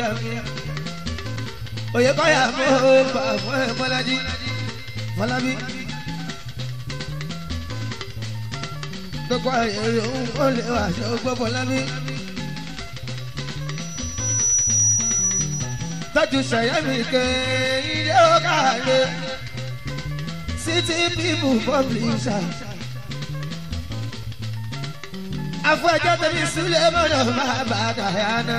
yá mi yá oyè kọ́yà fọlájí fọlábí gbogbo ayé òun ó lè wà ṣe gbogbo fọlábí. tọ́jú sẹ̀yẹ́mì ké ilé ọ̀gáàlè city people publisher. afọ ẹjọ́ tẹ̀lé sílẹ̀ mọ́nà bàbá kàyánà.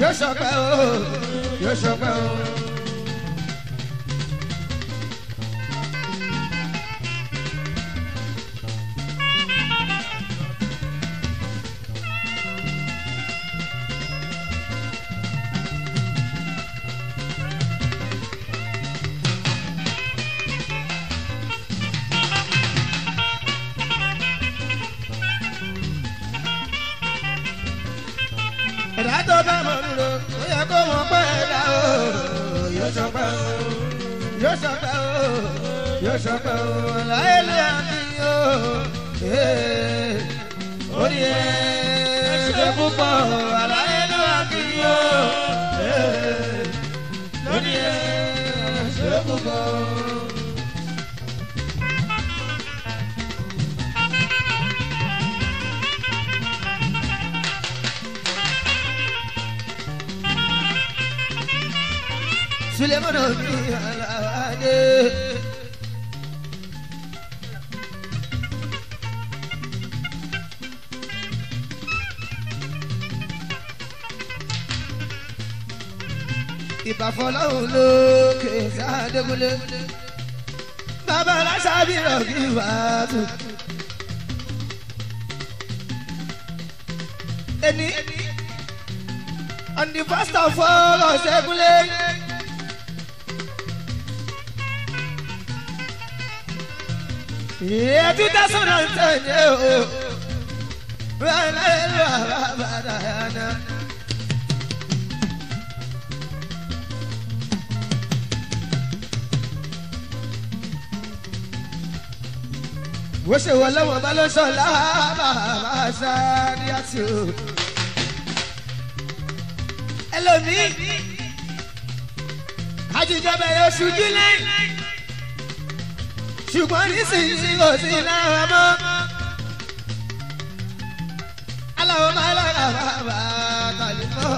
yóò ṣọpẹ́ o yóò ṣọpẹ́ o. sọpẹ́ o yóò sọpẹ́ o láyé lóyà mi o orí ẹ ṣe púpọ̀ láyé lóyà mi o dé. ìbàfọlọ́hùn lókè sádégúnlé bàbá aláṣàbí rọ̀bì wàásù. Eni, and the first of all ọ̀sẹ̀gúnlé. Yeah, 2010. Yeah. bó ṣe wọ lọ́wọ́ bá ló sọ lábàbà sáré àti o. ẹlòmíì ajíjọba yóò ṣojú lẹ́yìn ṣùgbọ́n nísìnyí kò sí lára mọ́. aláwọ̀ máa lára bàbá kàlífọ́.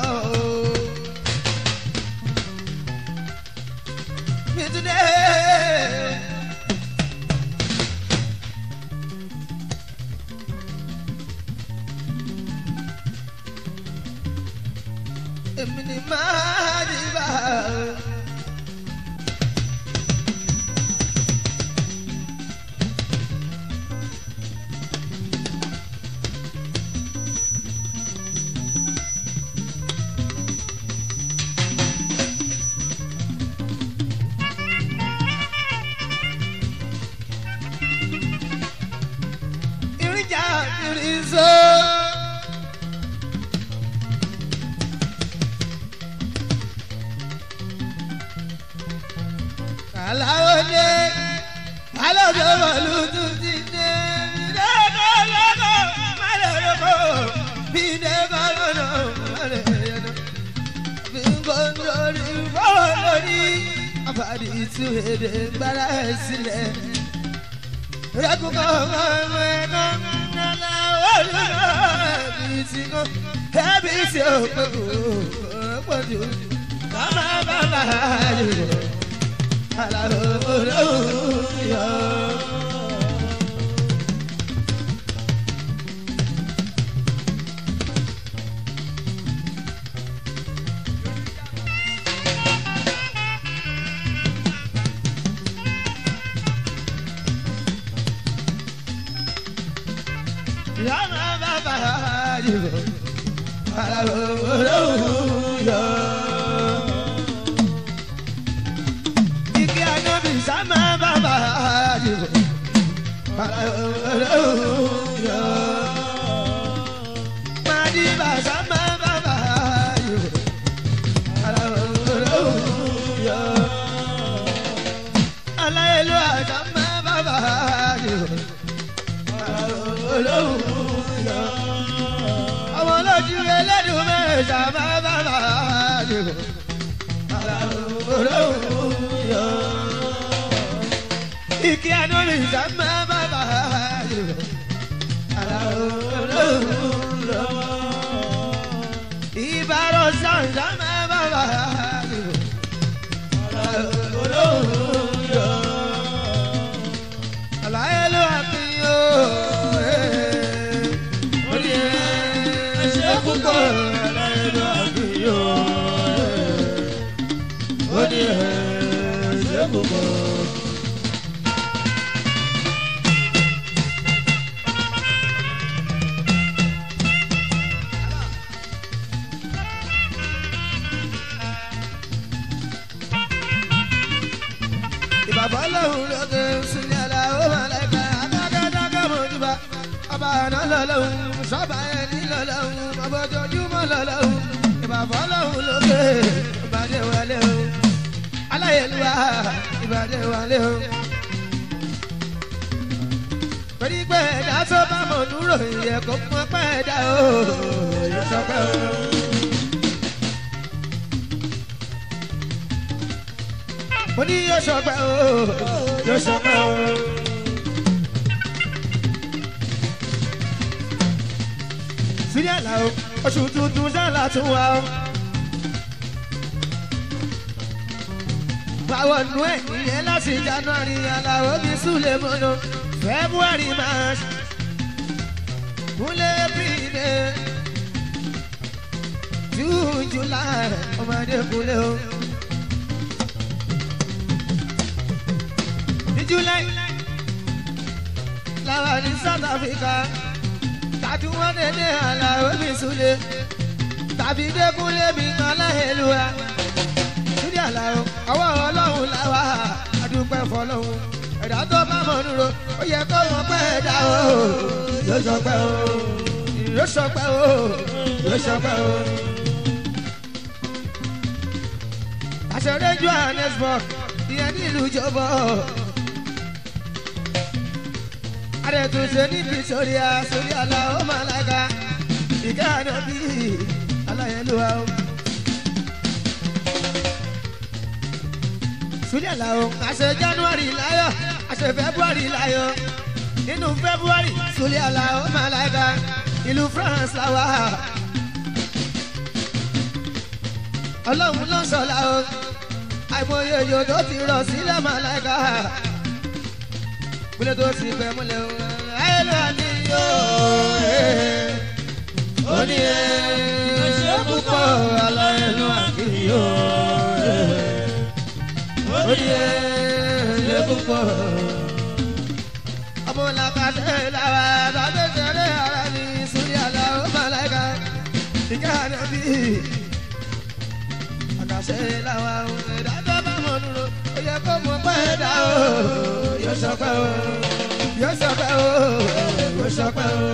Mìtúndé. èmi ni máa. sàn sàn mẹ́ bàbá mi. ọ̀rọ̀ olóhùn. ìbàdé wọlé o aláyélúwà ìbàdé wọlé o. torí pé ẹ̀dá tó bá mọ̀ dúró ìyẹ kó pọn pẹ́ ẹ̀dá o yóò mo ní yóò sọ o yóò sọ o. sílẹ̀ làwọn oṣù tuntun sálà tún wà o. wọnú ẹ̀ ìyẹn láti January aláwọ̀ bíi sùlẹ̀ mọ́nà February March múlẹ̀ bíire June July ọmọdé kúlẹ̀ o. ní July làwọn ní South Africa tàdúwọ́n dédé aláwọ̀ bíi sùlẹ̀ tàbí dẹ́kunlé mi kan láhẹ́lú wa ọwọ́ ọlọ́run làwà àdúpẹ́ fọlọ́run ẹ̀dá tó bá mọ̀ nùrọ̀ ó yẹ kó wọn pẹ́ ẹ̀dá o yóò sọpẹ́ o yóò sọpẹ́ o yóò sọpẹ́ o. àṣẹrẹ Johannesburg ìyẹn nílùú jọbọ àdètúnṣe níbi sórí àsórí àlàó màlága ìkànnì bíi aláyẹlúwa o. lao, I àṣẹ January lao, I àṣẹ February lao. nínú February Súlẹ̀ làwọn màláìka ìlú France lao, Allah I làwà. Ọlọ́run ló ń sọ̀la o àìmọye òyò tó ti rọ̀ sílẹ̀ màláìka múlẹ̀ tó sì fẹ́ múlẹ̀ o ayélujára ni yóò ó ní ẹ ṣe púpọ̀ aláìlú àkìyó oníyẹ I'm ọmọ làkàtẹ́ làwà tàbí tẹ̀lé ara mi sórí àlà ó màláìka ìjà àdàbí. àkàṣe làwà ẹ̀dá tó bá mọ̀ dúró ó yẹ kó mọ̀ pé ẹ̀dá o yóò sọ pé o yóò sọ pé o yóò sọ pé o.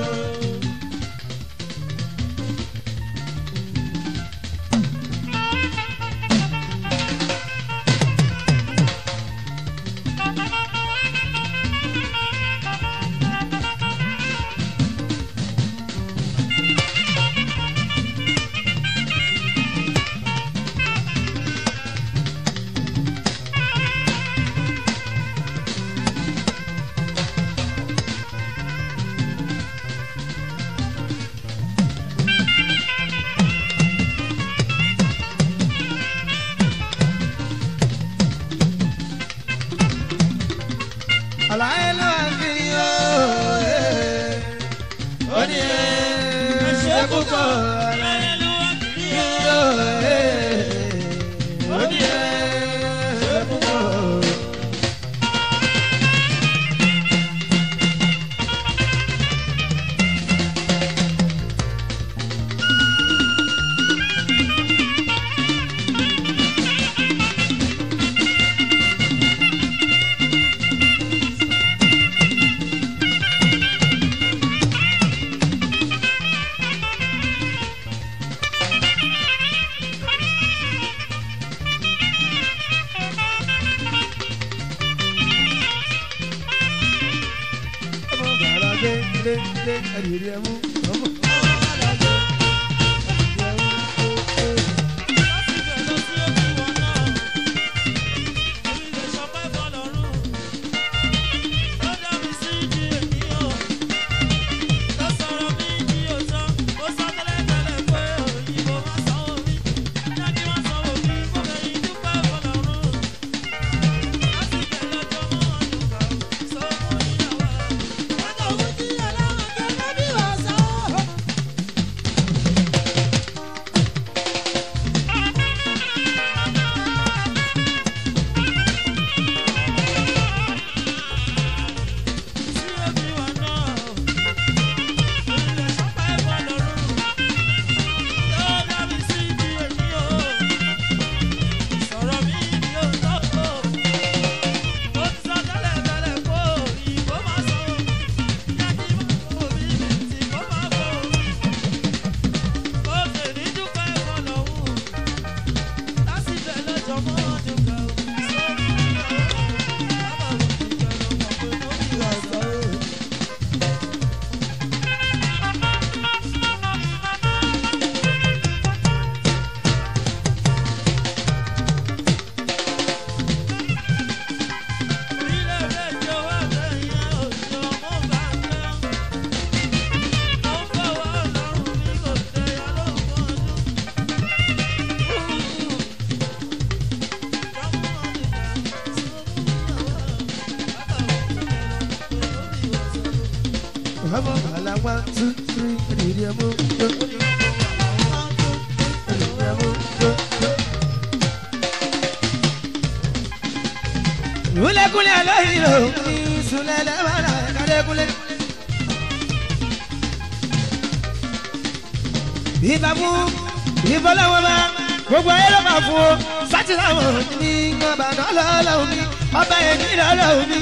lọ́lọ́ omi ọba èmi lọ́lọ́ omi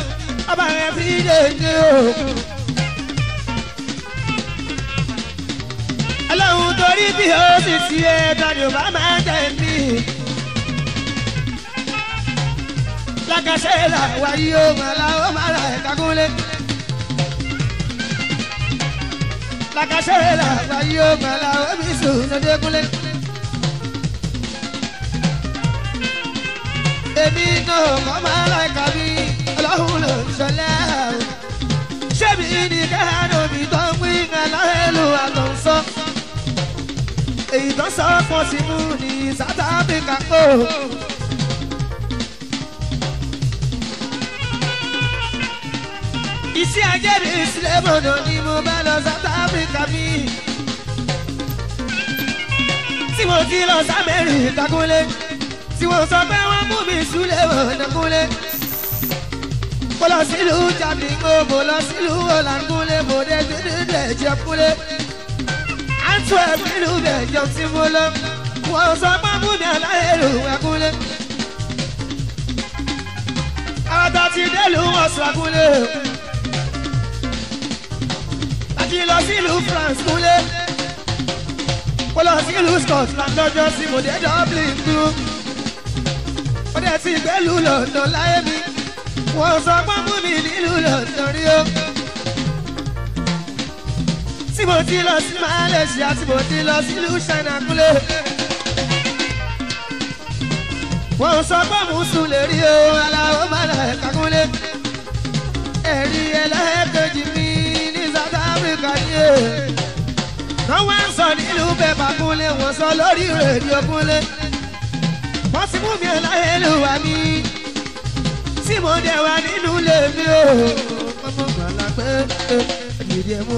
ọba rẹ̀ fi dé ní òkun. ọlọ́run torí bí ó sì ti ẹ tọ́ni ò bá máa tẹ̀ mí. lákàṣẹ́ làwa yóò máa la ó máa la ẹ̀ka kúnlé. lákàṣẹ́ làwa yóò máa la mi sùn lọ́dẹ́kúnlé. بيدهم ملك بي الأول سلام شبيني كانوا بيضمين الأهل والأنصاف ìdánsáwọ́ kan sí mú ní South Africa kó. iṣẹ́ ajẹ́rì ìsìlẹ̀mọ̀nà ni mo bá si South Africa bí. tí mo ti lọ Si wọ́n sọ pé wọ́n mú mi súlẹ̀ ònàkúnlé. mo lọ sílùú jàbí gbó mo lọ sílùú ọ̀làkúnlé mo dé dídílé jẹkúnlé. a ń tún ẹ̀mí ìlú bẹ̀jọ tí mo lọ. wọ́n sọ pé mú mi aláìlú ẹ̀kúnlé. àwọn tó ti wọn sọ kúnlé. àti lọ sílùú France kúnlé. mo lọ sílùú Scotland lọ́jọ́ sí mo dé Dublin dúró ẹ ti gbẹ́lú London láyé mi wọ́n sọ pé fún mi nílùú London rí o. tí mo ti lọ sí Malaysia tí mo ti lọ sílùú China kúlẹ̀. wọ́n sọ pé mùsùn lè rí o aláwọ̀ bàlá ẹ̀ka kúlẹ̀. ẹ̀rí ẹlẹ́ẹ̀kejì mi ní South Africa ni o. wọ́n wá ń sọ nílùú bẹ́ẹ̀ bá kúnlẹ̀ wọ́n sọ lórí rédíò kúnlẹ̀ wọ́n mi mú mi ọláyélúwà mi tí mo dẹ̀ wà nínú ilé mi o ọmọ màlá pé èmi dẹ̀ mú.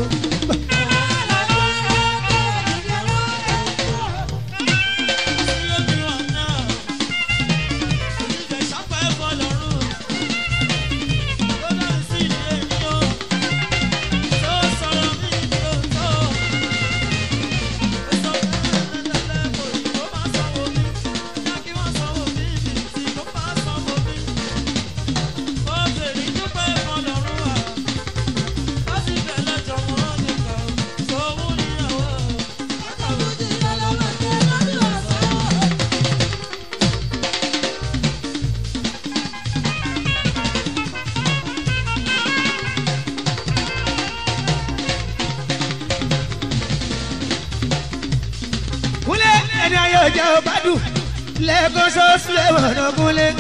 lẹ́kọ́sọ́ sílẹ̀ wọ̀nà kúnlẹ̀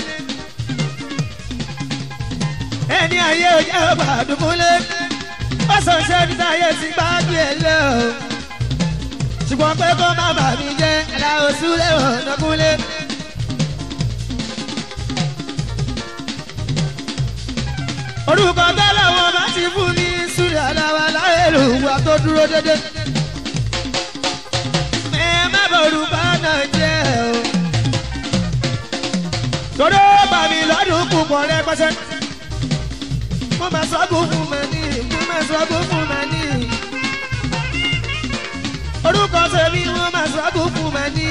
ẹni ayé ọjà ọba àdúgbòlé ọsàn ṣẹ́ni táyé ti gbájú ẹ lọ. ṣùgbọ́n pé kó má bà mí jẹ́ ẹ̀dá oṣù lẹ́wọ̀n ọ̀nàkúnlé. orúkọ bẹ́ẹ̀ làwọn máa ti fún ní sùúrù àdáwà láyé lòun wa tó dúró déédéé. pọ̀ rẹ pẹ́sẹ́. mo máa sọ́gbó fún mẹ́ni mo máa sọ́gbó fún mẹ́ni. orúkọ sẹ́mi mo máa sọ́gbó fún mẹ́ni.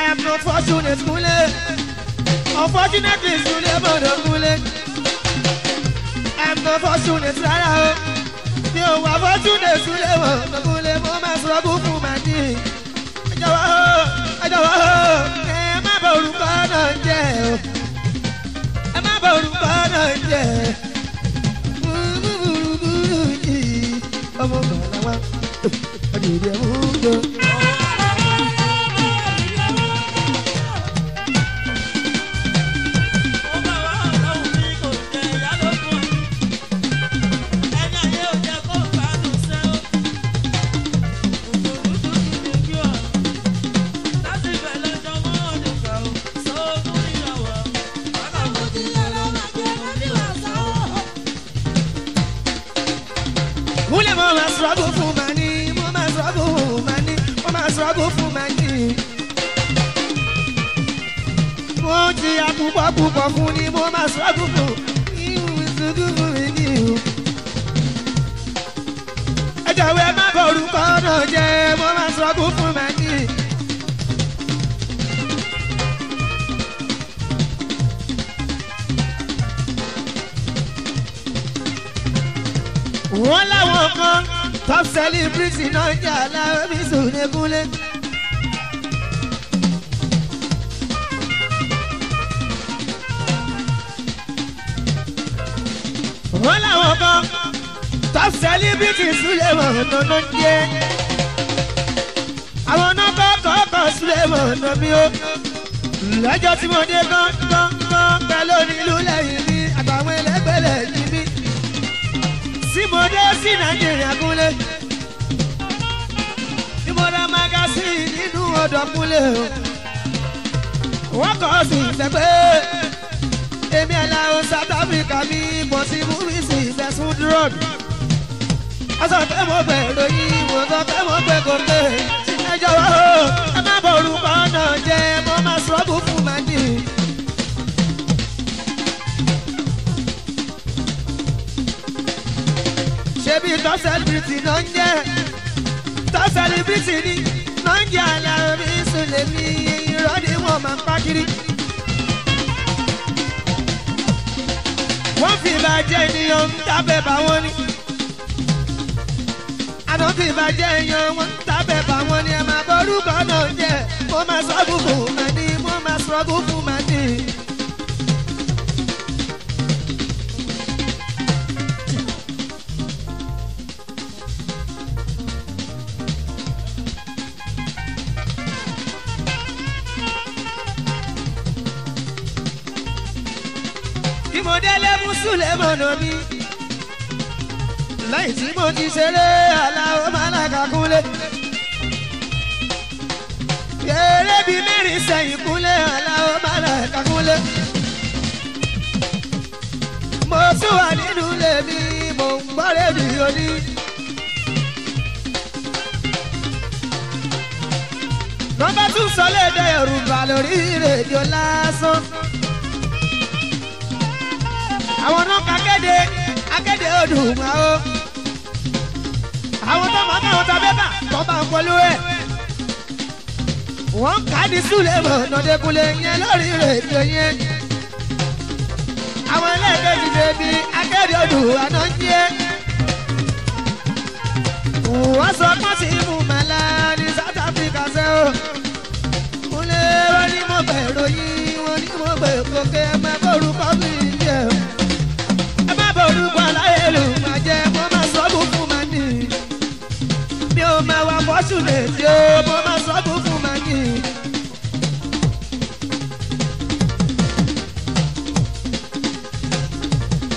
I am not fortunate Kúnlé. unfortunately Kúnlé bọ̀dọ̀ Kúnlé. I am not fortunate rárá o. mi ò wá fortunate Kúnlé bọ̀dọ̀ Kúnlé mo máa sọ́gbó fún mẹ́ni. ẹ jọ̀wọ́ ẹ jọ̀wọ́ bọ orúkọ náà jẹ́ o ẹ má bọ orúkọ náà jẹ́ búburú búburú yìí ọmọ bàbá wa ọdún ìdí ẹ̀ mú jọ. kọ̀ọ̀kan top celebrity náà jẹ́ alábí sùnẹ́kúnlé. wọ́n làwọn kan top celebrity Suleman nana jẹ́ àwọn nọ́mbà kọ̀ọ̀kan Suleman nà mí ó lọ́jọ́ tí mo dé gángan gángan pẹ̀lú onílù lẹ́yìn ní àtàwọn ẹlẹ́gbẹ̀lẹ́yìn mo dé sí nàìjíríà kúnlẹ̀ tí mo ra magasin nínú ọ̀dọ̀ kúnlẹ̀ o wọ́n kọ́ sí ìfẹ́pẹ́ èmi aláwọ̀ South Africa mi bọ̀ sí múrísì ìfẹ́sùn drug aṣọ pé mo pẹ̀ lóyún mo sọ pé pẹ̀ kò ẹ jọ̀wọ́ ẹ má bọ̀ orúkọ náà jẹ́ mo máa ṣọ́ọ̀bù fún màdìrì. ṣebí tọ́ sẹ́lẹ̀bìrìtì náà ń jẹ́ tọ́ sẹ́lẹ̀bìrìtì ni náà ń jẹ́ alárí sùlẹ̀mí irọ́ ni wọ́n máa ń pa kiri. wọ́n fi ìbàjẹ́ ènìyàn ń tábẹ̀ bá wọn ni àná fi ìbàjẹ́ èèyàn wọn tábẹ̀ bá wọn ni ẹ̀ máa borúkọ náà jẹ́ mo máa sọ́gùn fún mi ni mo máa sọ́gùn Sulemon Obi láì tí mo ti ṣeré aláwọ̀ málága kúnlé eré bíi mẹ́rin sẹ́yìn kúnlé aláwọ̀ málága kúnlé mo tún wà nínú lèmi mo ń gbọ́ rédíò ní. nọ́mbà sọ lédè Yorùbá lórí rédíò lásán àwọn náà ká kéde akéde Odùnwa o àwọn tó máa káwọn ta bébà tó máa pọ̀lú ẹ̀ wọ́n ká ní sùlẹ̀mọ̀ nọ̀dẹ́kulẹ̀ yẹn lórí rèdíò yẹn àwọn ẹlẹ́ẹ̀kejì bèbí akéde Odùnwa náà ń jẹ́ wọ́n sọ pọ́n sí mú mẹ́lá ní South Africa ṣe o mo lè wọ́n ní mo bẹ̀rù yín wọ́n ní mo bẹ̀rù kókè o. ṣù lè dé o mo máa sọ fún fún magi.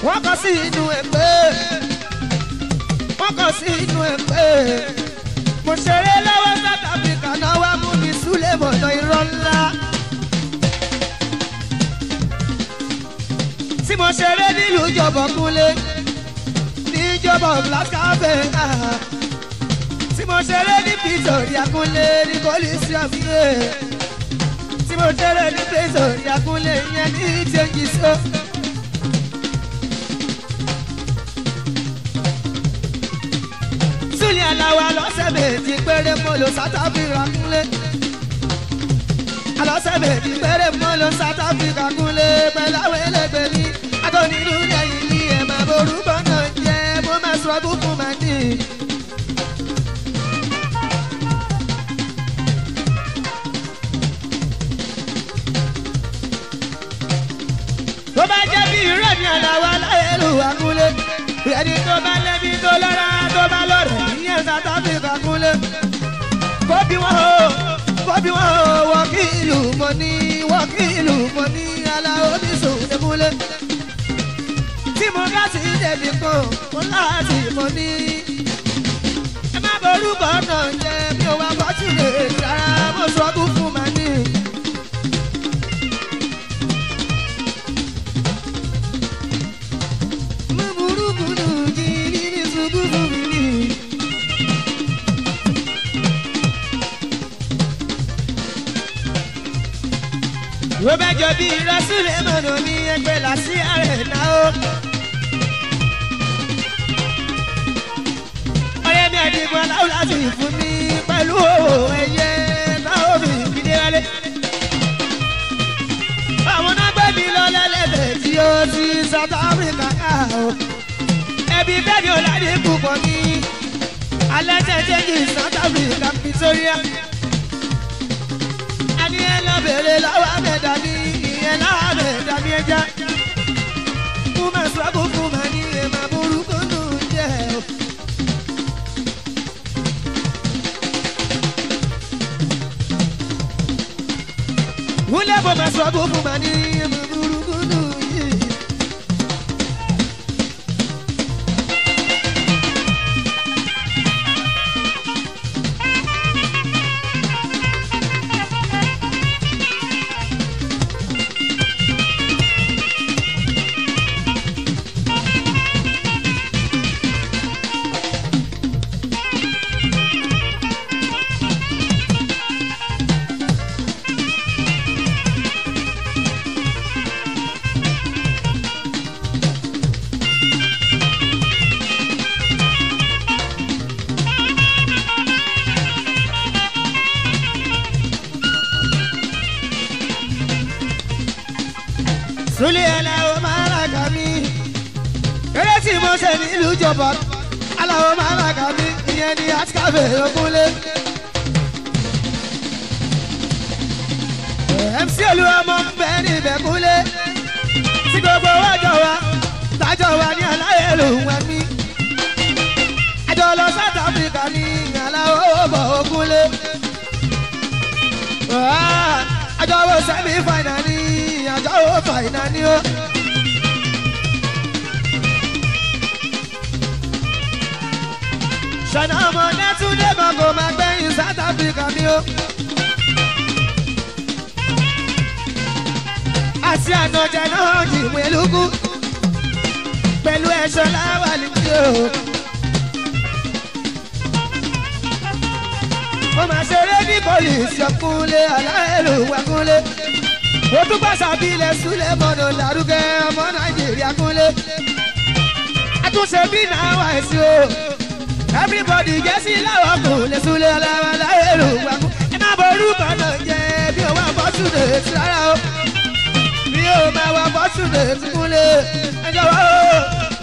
wọ́n kọ sí inú ẹ̀ pé wọ́n kọ sí inú ẹ̀ pé mo ṣeré lọ́wọ́ South Africa náà wá mú mi súlẹ̀ bọ̀dọ̀ irọ́ ńlá. tí mo ṣeré nílùú jọ̀bọ̀ kúnlé níjọ̀bọ̀ black cafe náà. Ah mo ṣeré ní Victoria Kúnlé ní kọ́lẹ́sì àfihàn tí mo ṣeré ní Victoria Kúnlé yẹn ní jẹ́jì sọ. Súlì aláwa lọ́sẹ̀ méjì péré mo lò South Africa Kúnlé alọ́sẹ̀ méjì péré mo lo South Africa Kúnlé pẹ̀lú àwọn ẹlẹgbẹ́ mi àtọ́nirú lẹ́yìn ní ẹ̀ máa borúkọ náà jẹ́ mo máa sọ fún fún màdì. ìrẹ́ ni àlàwà láyélúwà kúnlẹ̀ ẹni tó bá lẹ́bí tó lọ́ra tó bá lọ́rẹ̀ ìyẹn South Africa kúnlẹ̀ fọ́bí wọn o fọ́bí wọn o wọ́kìlù mọ́ ní wọ́kìlù mọ́ ní aláwọ̀ ní sòwòlẹ̀ kúnlẹ̀ tí mo bá sì débi kan mo láti mọ́ ní ẹ má borúkọ náà jẹ́ mi ò wá fọ́tún lè rárá mo sọ fún. wo bẹ jọ bí rasile mọ̀nà ní ẹgbẹ́ làásì ààrẹ náà ó. ọ̀rẹ́ mi àdìgbò aláwòlá sì fún mi pẹ̀lú ẹyẹ táwọn mi fi dé wálé. àwọn náà gbé mi lọ lẹ́lẹ́bẹ̀ẹ́ tí ó ti South Africa ká o. ẹbí bẹ́ẹ̀ ni ọ̀la ní púpọ̀ mi alẹ́ tẹ̀ jẹ́ kí South Africa Pretoria bèrè láwa mẹ́ta ní ìyẹn láwa mẹ́ta ní ẹja. mo máa sọ àkókò máa ní ẹ̀ máa borúkọ tó ń jẹ o. wúlẹ̀ bó máa sọ àkókò máa ní. lòun wá mí. àjọ lọ South Africa ní aláwọ̀ bọ̀ ogunlé. Ah, àjọ wo sẹ́mi fàìnà ní àjọ wo fàìnà ní o. ṣọ̀nà ọmọ Yẹtúndé mọ̀gò máa gbẹ̀yìn South Africa mi o. àti ànàjẹ náà jìnwé lógún. Ṣọlá wà nídìí o. Mo máa ṣeré ní pọ́lìsì ọkùnlé aláìlú wakúnlé. Mo tún bá sàbílẹ̀ súlẹ̀ mọ́nà lárúgẹ ọmọ Nàìjíríà kúnlé. Àtúnṣe bí náà wà sí o. Everybody jẹ́ sí láwọn ọkùnrin súlẹ̀ aláwọ̀ aláìlú wakúnlé. Ẹ má bọ̀ orúkọ náà bí o wà bọ́ súlẹ̀ sí rárá o. Bí o máa wà bọ́ súlẹ̀ sí kúnlé. Ẹ jọ̀wọ́ o.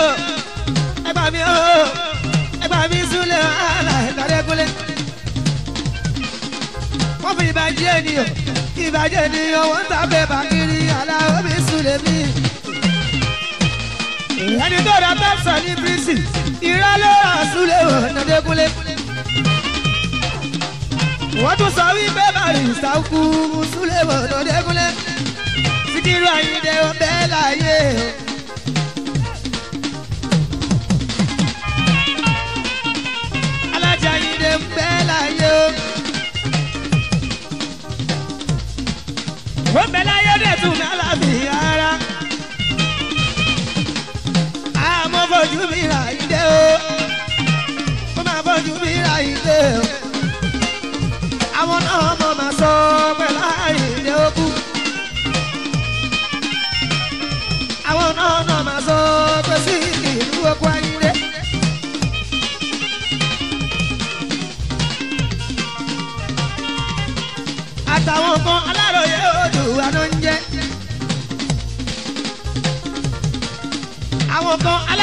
o ẹ gbà mí o ẹ gbà mí súnlẹ̀ àlà ìdàrẹ́ kúlẹ̀. wọ́n fi ìbàjẹ́ ènìyàn ìbàjẹ́ ènìyàn wọ́n ń tàbí bàkiri àlà omi súnlẹ̀ mi. ẹni tó rà tẹ̀sán ní bírísì ìrọ̀lẹ́ àsúlẹ̀ ò nàdé kúlẹ̀. wọ́n tún sọ wípé barista kú súnlẹ̀ ò nàdé kúlẹ̀. Sikiru Ayinde ọbẹ̀ láyé o. ó bẹ láyé dẹ̀ tún náà lábì ara. àmọ́ fojú mi rà yí dé o ó máa fojú mi rà yí o àwọn náà.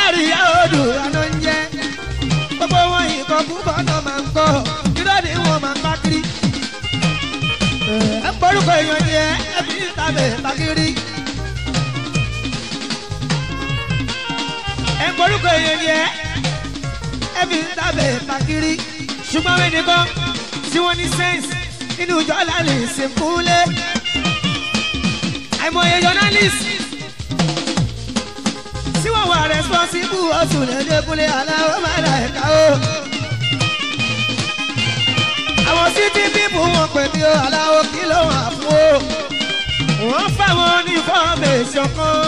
Zaria odò àná gbogbo wọn ìkọkúkọ náà máa ń kọ́ irọ́ ni wọn máa ń bá ẹ gbórúkọ èèyàn jẹ ẹ fi níta ẹ gbórúkọ èèyàn jẹ ẹ fi níta bẹ̀ bá kiri ṣùgbọ́n tí wọ́n ní sẹ́ǹsì nínú ìjọ lálẹ́ ìsìnkú lé àìmọye journalist responsible ọ̀sùn lẹ́dẹ́kúnlé aláwọ̀ mẹ́ta ẹ̀ka o. àwọn city people wọn pè mí o oh, aláwọ̀ oh, kí ló wà fún o. wọ́n fáwọn onífọ́ọ̀mẹ̀sán kan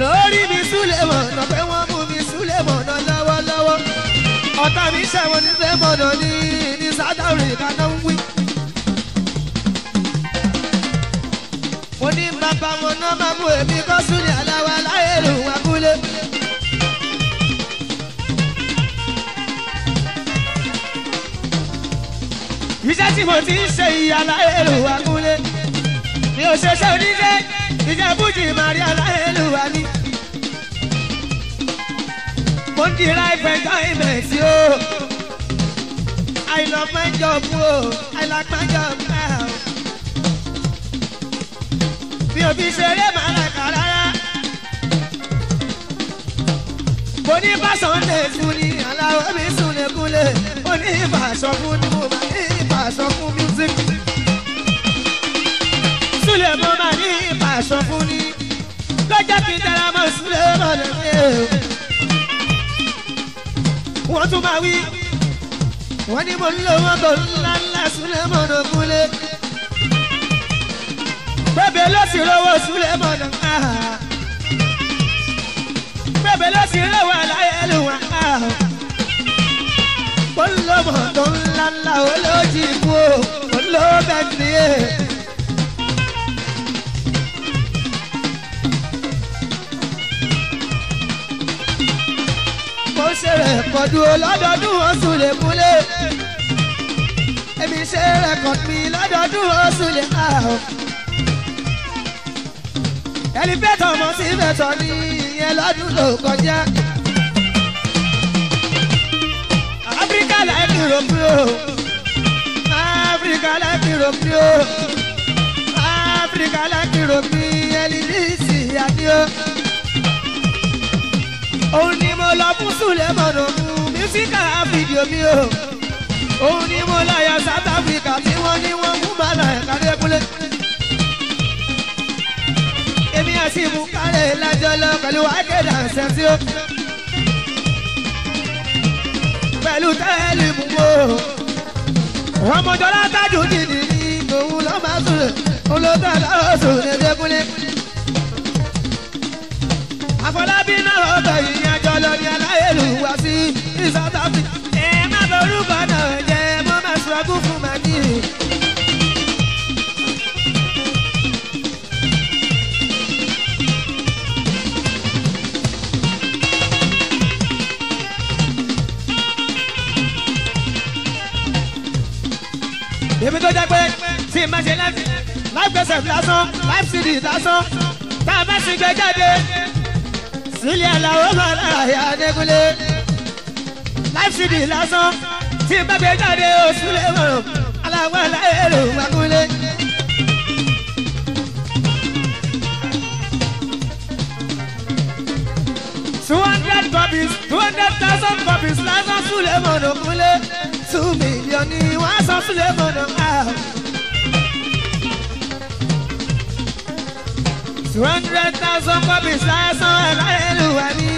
lórí mi súlẹ̀mọ̀ ọ̀nà pé wọ́n mú mi súlẹ̀mọ̀ ọ̀nà lọ́wọ́lọ́wọ́. ọ̀tá mi ṣẹ̀wọ̀n ní súlẹ̀mọ̀ ọ̀nà ní ní South Africa náà ń wí. mo ní bàbá mo náà máa mú èmi kọ́ súlẹ̀ aláwa láyé tí mo ti ń ṣe ìyàlá èrò àkúlé mi ò ṣe ṣe onílé ìjẹ́ bújì màrí aláìlú wa ní. mo ń di life enjoyment o I love my job o I like my job now. mi ò fi ṣeré màràkà rárá. mo ní bá Sunday fún ni aláwọ̀ mi sùn lẹ́kúnlẹ̀ mo ní ìfàsọ fún ni mo máa ní pàṣọ fún music. Súlẹ̀ mo máa ní pàṣọ fún ní. Lọ́jọ́ kí n tẹ̀ra mọ́ Súlẹ̀ mọ́ lẹ́yìn. Wọ́n tún máa wí. Wọ́n ní mo ń lo wọn kò ńlá ńlá Súlẹ̀ mọ́ lọ kúlé. Bẹ́ẹ̀ ló sì rówó Súlẹ̀ mọ́ lọ. Bẹ́ẹ̀ ló sì rówó àlàyé lù wá olómọ tó ńlá ńlá olójì mú o olóbẹ̀ ní e. mo ṣe rẹ̀ kọ́dú lọ́dọọdún ọ̀sùn lè kúlẹ̀ èmi ṣe rẹ̀ kọ́dú lè ká o. ẹni bẹ́ẹ̀ tọmọ sí bẹ́ẹ̀ ní ìyẹn lọ́dún tó kọjá. like Romeo. Africa like Romeo. Africa like Romeo. Elisi Adio. Òun ni mo lọ fún Sulemọ̀nù mísíkà fídíò mi o. Òun ni mo lọ yọ South Africa tí wọ́n ní wọ́n mú bàlá ẹ̀ka lẹ́kúnlé. Èmi àti ìmúkálẹ̀ ìlàjọ lọ pẹ̀lú wákẹ́dà ṣẹ́ńtì ó pẹ̀lú tẹ́lí gbogbo. ọmọjọ́lá tájú jìnnì ní òun ló máa sùn olóòtú lọ́sùn ní ẹgbẹ́kúnlé. àfọlábí náà ọ̀tọ̀ yìí àjọ lórí aláyélúwà sí ní South Africa. cassette lásán five cd lásán tá a bá sì gbé jáde sílẹ̀ làwọn máa ra àyà Adékúnlé five cd lásán tí n bá gbé jáde oṣù lè mọ̀ràn aláwọ̀ aláyẹ̀ ló wà kúnlé. two hundred copies two hundred thousand copies lásán Sulemon Okunle two million ni wọ́n á san Sulemon two hundred thousand I kọ́bí sásán ẹ̀lárẹ̀lúwà ní.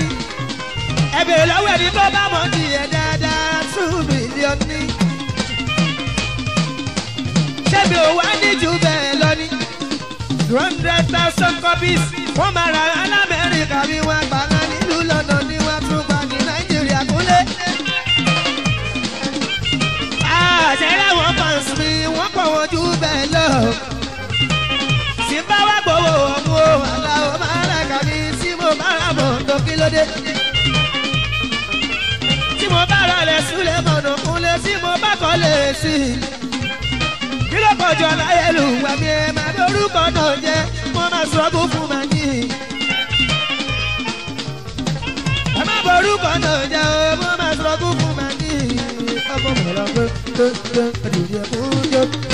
ẹ̀bẹ̀rẹ̀ lọ́wọ́ ẹ̀mí bó bá mọ̀ ti yẹ dáadáa two million ní. ṣébi ò wá ní jù bẹ́ẹ̀ lọ ní. two hundred thousand copies, wọ́n máa ra alámẹ́ríkà bí wọ́n gbà náà nílùú London ní wọ́n tún gbà ní Nàìjíríà kúnlẹ̀. àṣẹ láwọn fans mi wọ́n pọ̀ wọ́n jù bẹ́ẹ̀ lọ. kílódé. tí mo bá rọlẹ̀ súlẹ̀ mọ̀nà kúnlẹ̀ tí mo bá kọ́lé sí i. kílókòjọ láyélujá mi ẹ̀ máa lórúkọ náà jẹ́ mo máa sọ́gùn fún màá ní. ẹ má borúkọ náà jẹ́ o mo máa sọ́gùn fún màá ní. ọkọ̀ mọ̀lá pé pé pé ẹ̀dùn yẹ fún yẹ.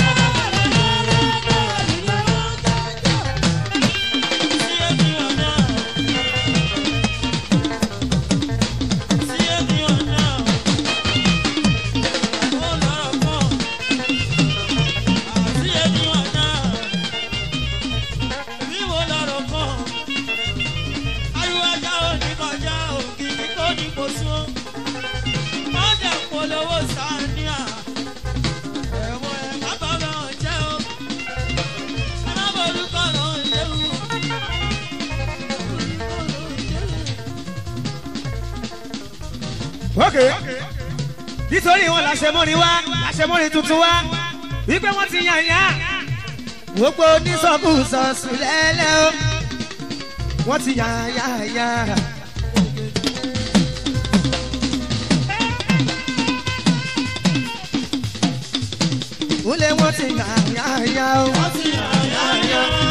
nítorí wọn làṣẹmọ́ni wá làṣẹmọ́ni tuntun wá wípé wọ́n ti yàn yàn. gbogbo onísọkùsọ sùlẹ́lẹ́ o wọ́n ti yàn yàn yàn. Ule wọ́n ti yàn yàn yàn o. Wọ́n ti yàn yàn yàn.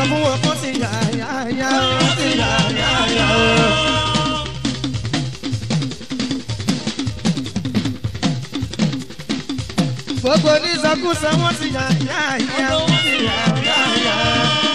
sọ fún wọn kó sì yà yà yà ó sì yà yà yà ó. gbogbo oníṣàkóso wọn sì yà yà yà ó sì yà yà yà ó.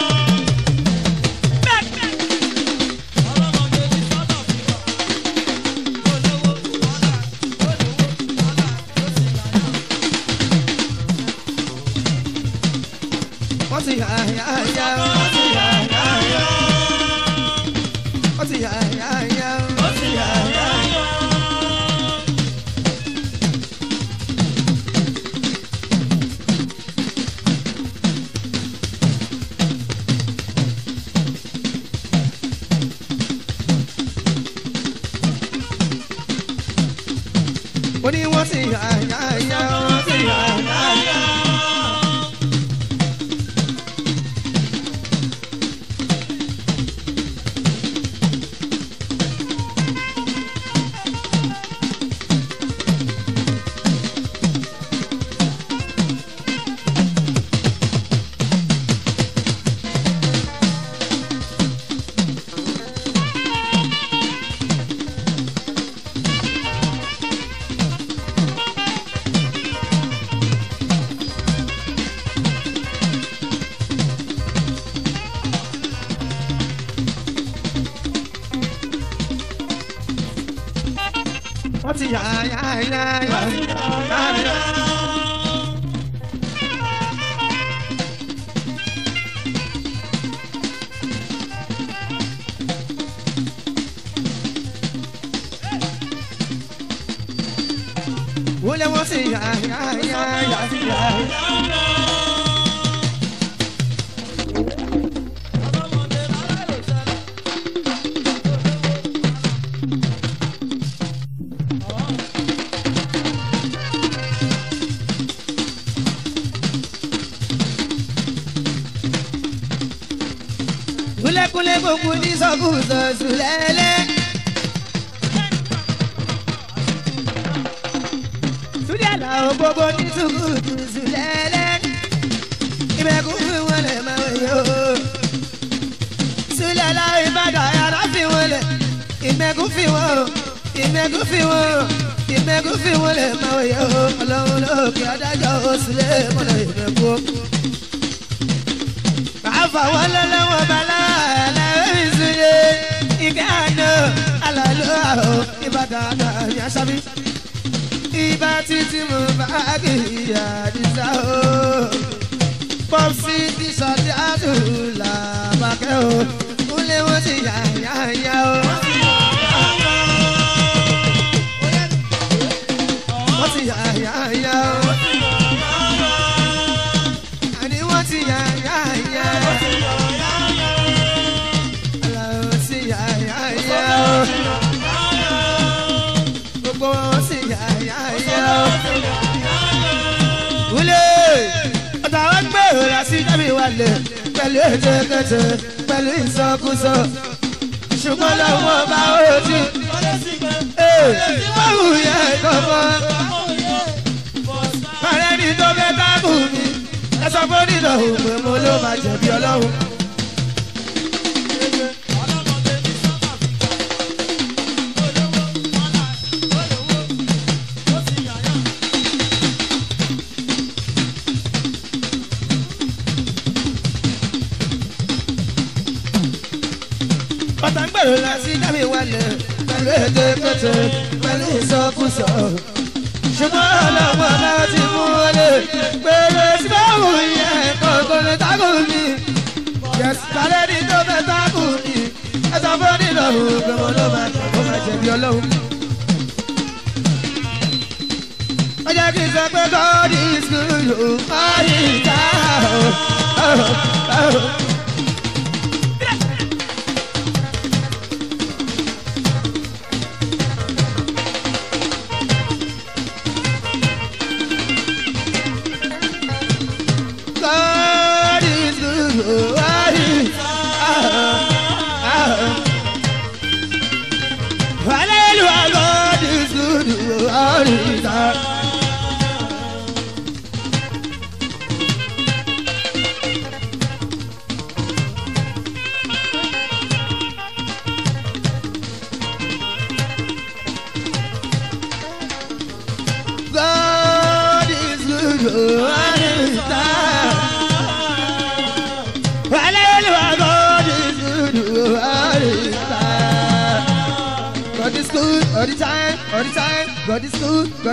kúlẹ̀ wọ́n sì yà yà yà yà yà. kúlẹ̀kúlẹ̀ gbogbo ní sọ́kùsọ̀ sùlẹ̀lẹ̀. godditu sulelen ibeku wele mayo sulela ibada yara fi wele ibeku fi wo ibeku fi wo ibeku fi wele mayo Ọlọ́run lókè adájọ́ osule mọlẹ ibeku. bàbá wọlé lọ́wọ́ bala lẹ́yìn ìsúlẹ̀ ìgbẹ́ ti bá títí mú báàgì àdìsá o. Pọ́psì ti ṣàdí àdùlà bàkẹ́ o. Kúnlé wọ́n ti yà yà yà o. Wọ́n ti yà yà. balẹ̀ pẹ̀lú ètekéte pẹ̀lú ìsọkúsọ ṣùgbọ́n lọ́wọ́ bá ojú wọ́n wù yẹ kọ́kọ́. Bàrẹ́ ni tó fẹ́ tábù mi, ẹ sọ fún onídọ̀hùn pé mo ló máa jẹ̀bi ọlọ́run. sọ. ṣùgbọ́n ọlọ́mọ láti mú wọlé pèrè síbáwò yẹn kòkòrò tágùn mi. yẹ̀sìtàlẹ́ ní tó fẹ́ tágùn mi. ẹ sọ fún nínú òun pé ló máa tẹ̀ kó máa jẹ̀bi ọlọ́run. ó jẹ́ kí n sọ pé God is good, God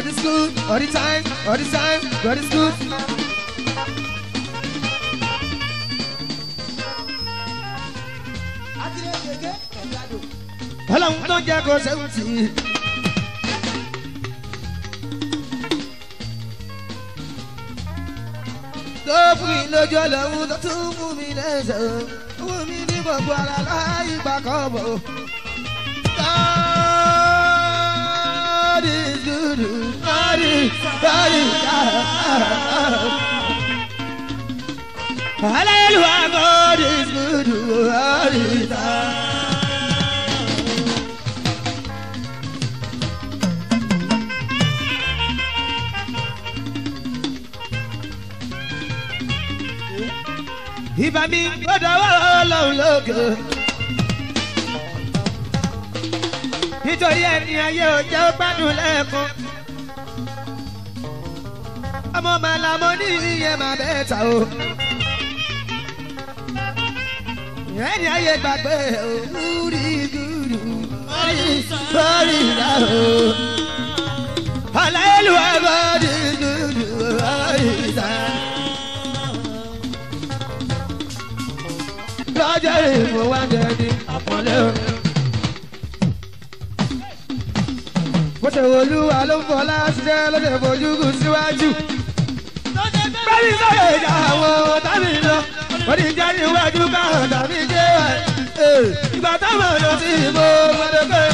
God is good all the time, all the time, God is good. Ọlọ́run tó jẹ́ kó ṣẹ́gun tì í. Tó fún mi don't ọlọ́run tó tún fún mi lẹ́sẹ̀ o. Owó mi ní gbogbo ara láyé ìgbà kan bọ̀ o. guru hari hari Hallelujah God is guru hari Ibami gbọ́dọ̀ wà lọ́wọ́ lọ́gọ̀ọ́. nítorí ẹni ayé ò jẹ́ ó gbádùn lẹ́ẹ̀kan. ọmọ màlá mo ní ìyẹn mà bẹ́ẹ̀ ta o. ẹni ayé gbàgbé òwúrí gúdù bọ́ọ̀lì ìlà o. ọ̀làyélúwà bọ́ọ̀lì gúdù bọ́ọ̀lì ìlà. lọ́jọ́ ìfowópamọ́ ni àpọ́nlé o. ṣe olúwa ló ń fọlá ṣiṣẹ́ ló ṣe fojúkùn síwájú. bẹ́ẹ̀ni sọ̀rọ̀ ìjà àwọn tàbí lọ wọ́n ti jẹ́ níwájú káwọn tàbí jẹ́ ẹ̀ ìgbà táwọn lọ sí ìbò mọ́tẹ́fẹ́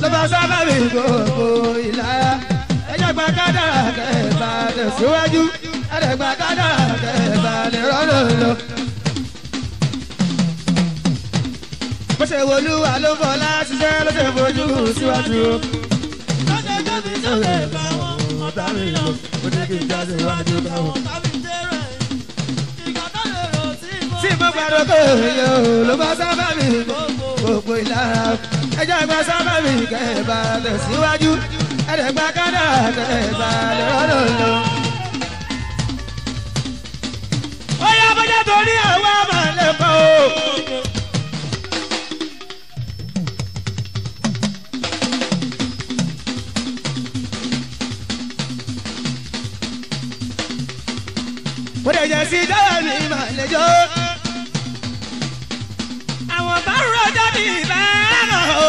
ló bá sábà mi gbogbo ìlàyà ẹ̀jẹ̀ gba kádàrà kẹfà tẹ̀síwájú ẹ̀jẹ̀ gba kádàrà kẹfà lẹ́rọ̀rọ̀ lọ. bó ṣe wolúwa ló fọlá ṣiṣẹ́ ló ṣe síwájú mi sókè bá wọn ọ̀tá mi o ló bá sábà mi gbogbo ìlara ẹjọ́ ìgbà sábà mi kẹ́ẹ̀bà tẹ̀síwájú ẹ̀ẹ́dẹ̀gbà kádà kẹ́ẹ̀bà lọ́dọ̀ bọ́jà torí àwọn àmàlẹ́kọ̀ọ́. mo dẹ̀ jẹ́ sí dáhà mi mà lè jó. àwọn bá rọjò ní ìbáná o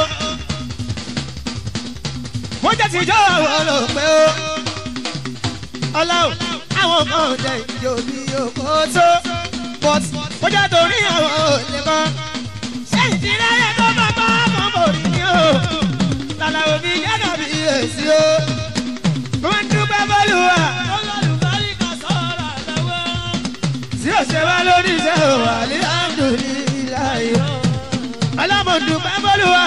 mo jẹ́ tìjọ́ àwọn ló pé o ọlọ́run àwọn kan ò jẹ́ ìjọ bí òkò tó but mo jẹ́ torí àwọn òde kan ṣé ìdílé yẹ kó máa bá ọmọ mò rí ni o lálẹ́ òbí yẹ́nà bí èsì o mo ń dúpẹ́ bọ́lùwà. ṣe wá lórí iṣẹ́ o alihamdulilayi ọlọ́mọdún bábọ́lùwà.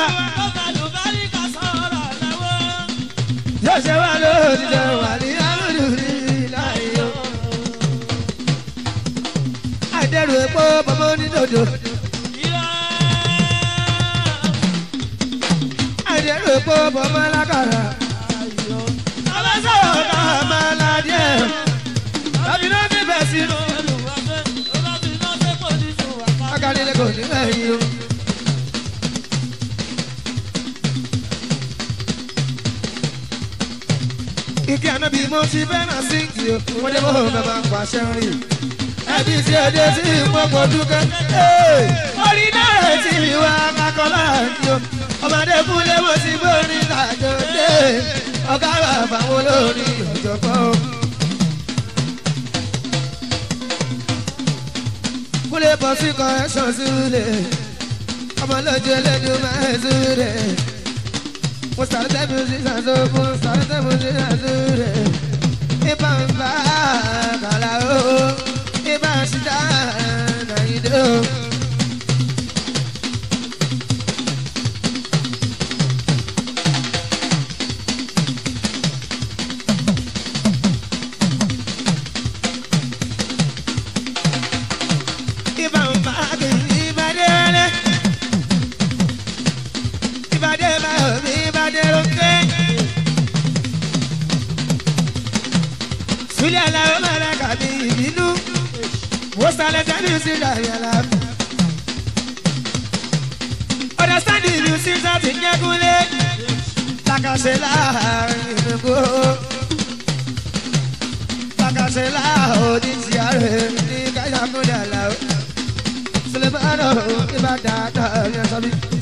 yóò ṣe wá lórí iṣẹ́ o alihamdulilayi. àìdẹ́rù epo bọ́mọ onídòdò. àìdẹ́rù epo bọ́mọ alákàrà. kò ní báyìí o. mo ti fẹ́ràn sí kí o wọ́n lé mọ́ bàbá pàṣẹ rìn. ẹbí tí o dé sí ìmọ̀pọ̀ dúkẹ́ orí náà ti rí wa kakọ́ láàkí o. ọmọdé fúnlé mo ti bórin làjọ dé ọ̀gá bàbá wọn lórí ọ̀jọ̀gbọ́n. kúlẹ̀ bọ̀ sí kan ẹ̀sán sílẹ̀ ọmọ lójú ẹlẹ́dùn máa ń sílẹ̀ mo sàrẹ́ tẹ́mi sí sàṣọ mo sàrẹ́ tẹ́mi sí sàṣọ rẹ̀ ibà ń bá kàlà ó ibà ń ṣìjà nàìjíríà. ayọ̀lá. understand the music that ń jẹ́gunlé lákàṣẹ láàrin gbogbo lákàṣẹ láàrin ní ti àárẹ̀ ní káyọ̀ múlẹ̀ àlàó sọlẹ̀ bá rọ̀ ní bá dáadáa ní ọ̀sán mi.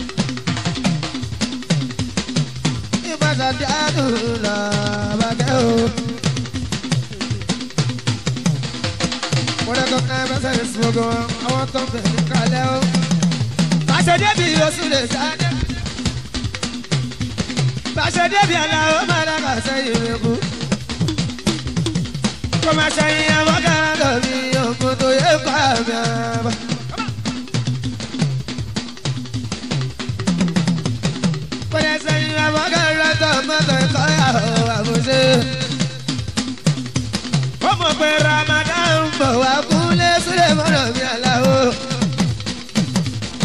sáré. Bàṣẹ débi àlà ó máa dàgbà sẹ́yìn ewu. Kò máa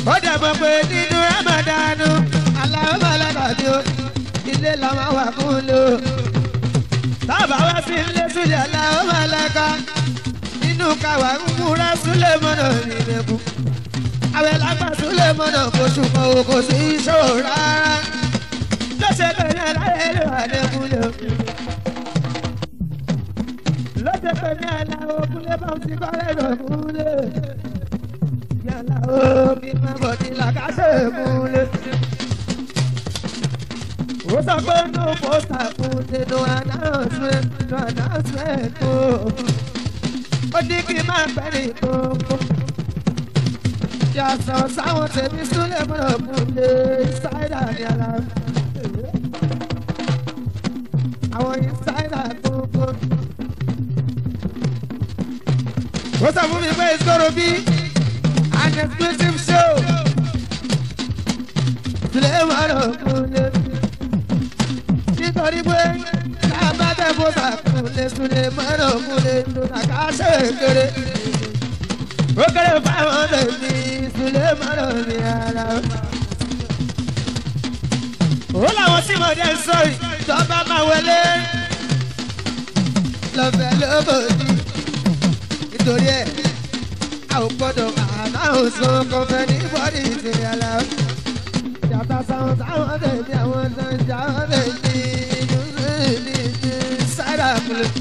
ó dẹ̀ mọ̀ pé nínú Ramadan aláwọ̀ bàlọ́nà ni ó ilé la máa wà fún lò. tábà wá sí ilé sílẹ̀ aláwọ̀ bàlọ́kà nínú kàwá ń múra súlẹ̀ mọ́nà ìrẹ̀kùn. àwẹ̀ lágbà súlẹ̀ mọ́nà kò ṣùkọ́ o kò sí ìṣòro rárá. lọ́sẹ̀ tó ní aláyẹ̀ ló wà lò. lọ́sẹ̀ tó ní aláwọ̀ kúlẹ̀ bá ń ti kọ́ lẹ́nu kúlẹ̀ aláwo bí má bọ̀ tí làkà ṣe pé ní bíi exclusive show. Suleiman Okunle. Nítorí pé ká bá tẹ̀ bó sàkúnlé Suleiman Okunle ló ta ká ṣe kéré. Ó kéré fáwọn tèmi Suleiman mi ara. Ó làwọn tí mo jẹ́ sọ yìí tọ́ba máa wọlé. Lọ́fẹ̀ẹ́ ló bòdì nítorí ẹ̀ a ò gbọ́dọ̀ máa. عاو سوق فني بريد يا لو جعتا صوت عودت يا ولد جعودت سرقلت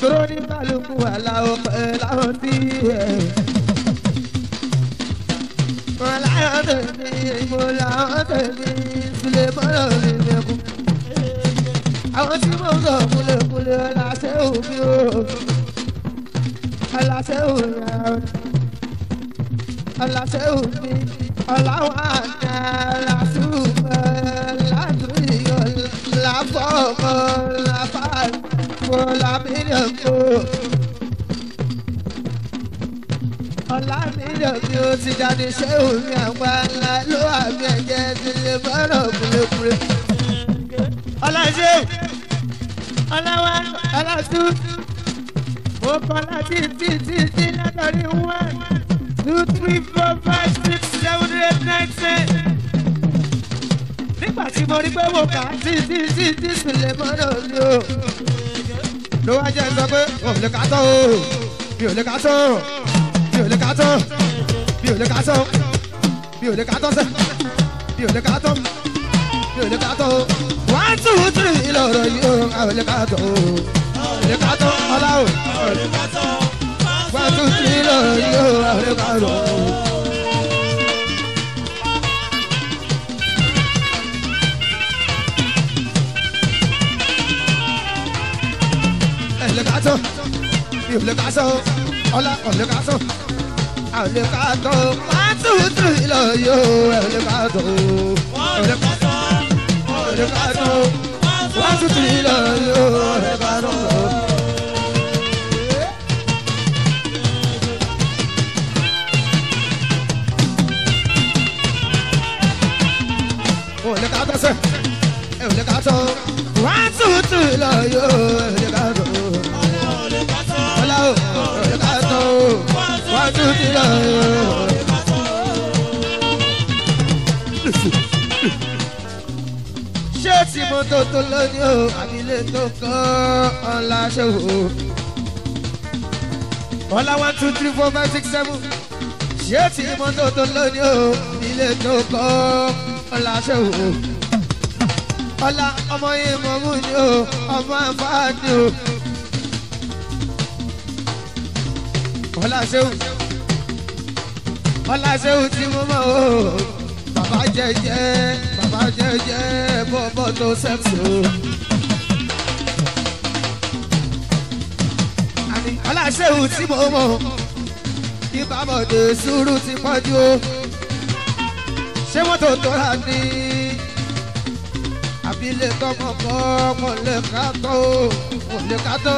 تروني بالك ولا وقلعتي والعادة دي والعادة دي سليمان عليكم àwọn tí mò ń lò kúlẹ̀kúlẹ̀ ọ̀làṣẹ́ òbí o ọ̀làṣẹ́ òbí ọ̀làṣẹ́ òbí ọ̀làwọ̀ àná làṣùmọ̀ làdúyọ̀ làbọ̀mọ̀ làbàmọ̀ làbílẹ̀kọ̀ ọ̀làmílẹ̀ bí ó ti jáde ṣé òun àgbà ńlá ló àmì ẹ̀jẹ̀ ti lè bọ́rọ̀ kúlẹ̀kúlẹ̀ ọ̀làṣẹ́ òbí ọlọ́wọ́ ọlọ́tú mo kọ́ láti tí tí tí látọ̀rí one two three four five six seven eight nine ten. nígbà tí mo rí pé mo kà á sí sí sí sí sílẹ̀ mọ́nà mi o ló wá jẹ́ sọ pé mo ò lè ká tán o mi ò lè ká tán mi ò lè ká tán mi ò lè ká tán mi ò lè ká tán sẹ́ mi ò lè ká tán mi ò lè ká tó. one two three ìlọrọ yìí o a ò lè ká tó. a ò lè ká tó ọlá o. a ò lè ká tó. one two three ìlọrọ yìí o a ò lè ká tó. ẹ lè ká tó mi ò lè ká tó ọlá ò lè ká tó a ò lè ká tó. one two three ìlọrọ yìí o a ò lè ká tó ọ̀rẹ́ bá dùn wọ́n Oh, ti lọ rí ọ̀rẹ́ bá dùn. ọ̀rẹ́ ká tọ́sẹ̀ ọ̀rẹ́ ká tọ́ wọ́n tún ti lọ rí ọ̀rẹ́ bá dùn. ọ̀rẹ́ ká tọ́ wọ́n tún ti lọ rí ọ̀rẹ́ bá dùn. mọ́tò tó lóní o àbílẹ̀ tó kọ́ ọ̀la ṣòwò. ọ̀la one two three four five six seven ṣé tí mọ́tò tó lóní o àbílẹ̀ tó kọ́ ọ̀la ṣòwò. ọ̀la ọmọ yìí mọ̀ mú ni o ọmọ àǹfààní o. ọ̀la ṣòwò ọ̀la ṣòwò tí mo mọ̀ o bàbá jẹ́jẹ́ aláṣẹ́wù tí mo mọ̀ ìbámọ̀dé sùúrù ti pọ́jú o. ṣé mọ́tò tó rà ní abilé tọmọ kọ́ tó mọ̀lẹ́ká tó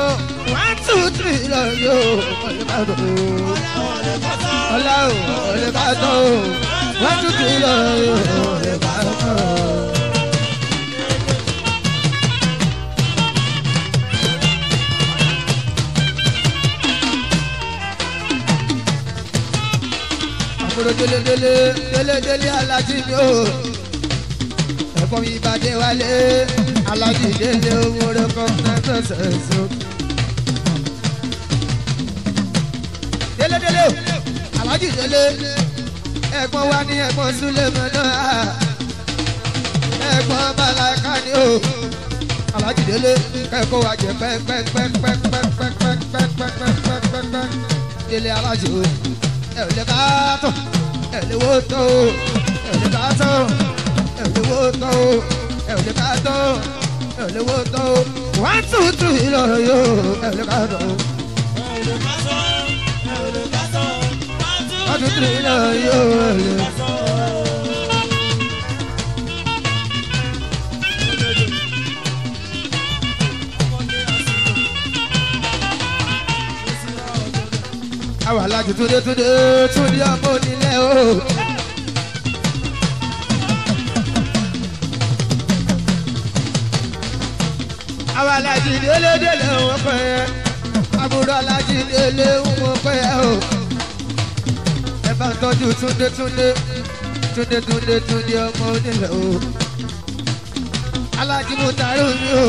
one two three lọ yóò mọ̀lẹ́ká tó ọ̀la ò mọ̀lẹ́ká tó one two three lọ yóò. àbúrò délédélé délédélé alájí mi ò ẹ̀kọ́ mi ìbàdí wálé alájí délé owó rẹ̀ kọ́ mẹ́tò sẹ̀sọ. délédélé alájí délé ẹ̀kọ́ wá ní ẹ̀kọ́ súlẹ̀mọ́ náà ẹ̀kọ́ màláìka ni ò alájí délé kẹ́kọ̀ọ́ wa jẹ pẹ́pẹ́pẹ́pẹ́pẹ́pẹ́pẹ́pẹ́pẹ́pẹ́pẹ́ délé alájí ò ẹ̀ ẹ̀lẹ́wọ́ tán o ẹ̀lẹ́ ká tán ẹ̀lẹ́wọ́ tán o ẹ̀lẹ́ ká tán ẹ̀lẹ́wọ́ tán o wá tútù ìlọrin yóò ẹ̀lẹ́ ká tán o. ẹ̀lẹ́ ká tán ẹ̀lẹ́ ká tán wá tútù ìlọrin yóò ẹ̀lẹ́ ká tán. àwọn alájò túndé túndé túndé ọmọ onílẹ̀ o. àwọn alájì délé délé wọn pẹ́ àbúrò alájì délé wọn pẹ́ o. ẹ bá ń tọ́jú túndé túndé túndé túndé túndé ọmọ onílẹ̀ o. alájì mo tààrọ̀ mi o.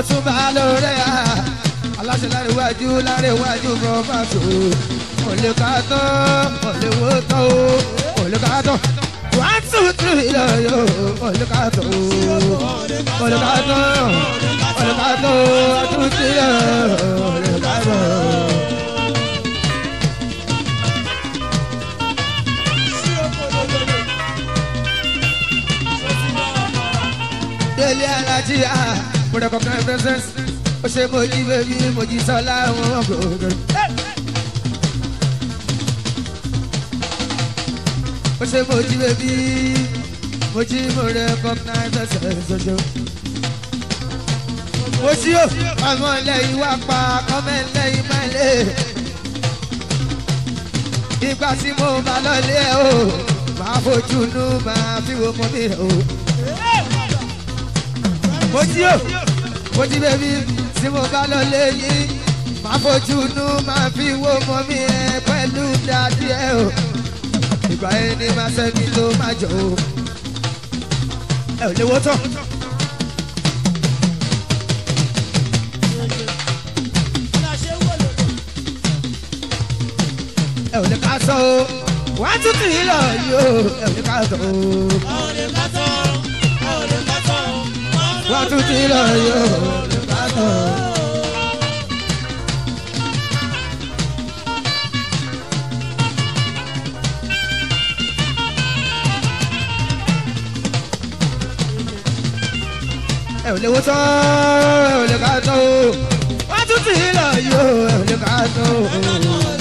ọ̀túnba lórí à aláṣẹ láríwájú láríwájú prọfàṣọ olùkàtọ olùwòtọ olùkàtọ one two three lọyọ olùkàtọ olùkàtọ olùkàtọ àtúntì olùkàtọ. délé alájíà mo recognize presence ó moji mo moji bèbí mo jí moji wọn moji ó ṣe mo jí moji mo jí mo recognize presence ó ṣe. mo ṣí o àwọn ẹlẹ́yìn wá pa ọmọ ẹlẹ́yìn máa lé. ìgbà tí mo bá lọ lé ẹ o oh, máa fojú nú máa fi wo mọ́ moji rẹ̀ o. mo ṣí o. Oh. Mojí bébí tí mo bá lọ lé yín máa fojú inú máa fi wo mọ mi ẹ pẹ̀lú dàdí ẹ o ìgbà yẹn ni máa sẹ́ni tó máa jọ o ẹ ò lè wọ́ tán. ẹ ò lè ká sọ o wá tútù yìí lọ yìí o ẹ ò lè ká sọ o. ẹ ò lè ká sọ o wọ́n tún ti lọ yóò lùbátàn. ẹ ò lè wo tán ẹ ò lè ká tán o wọ́n tún ti lọ yóò ẹ ò lè ká tán o.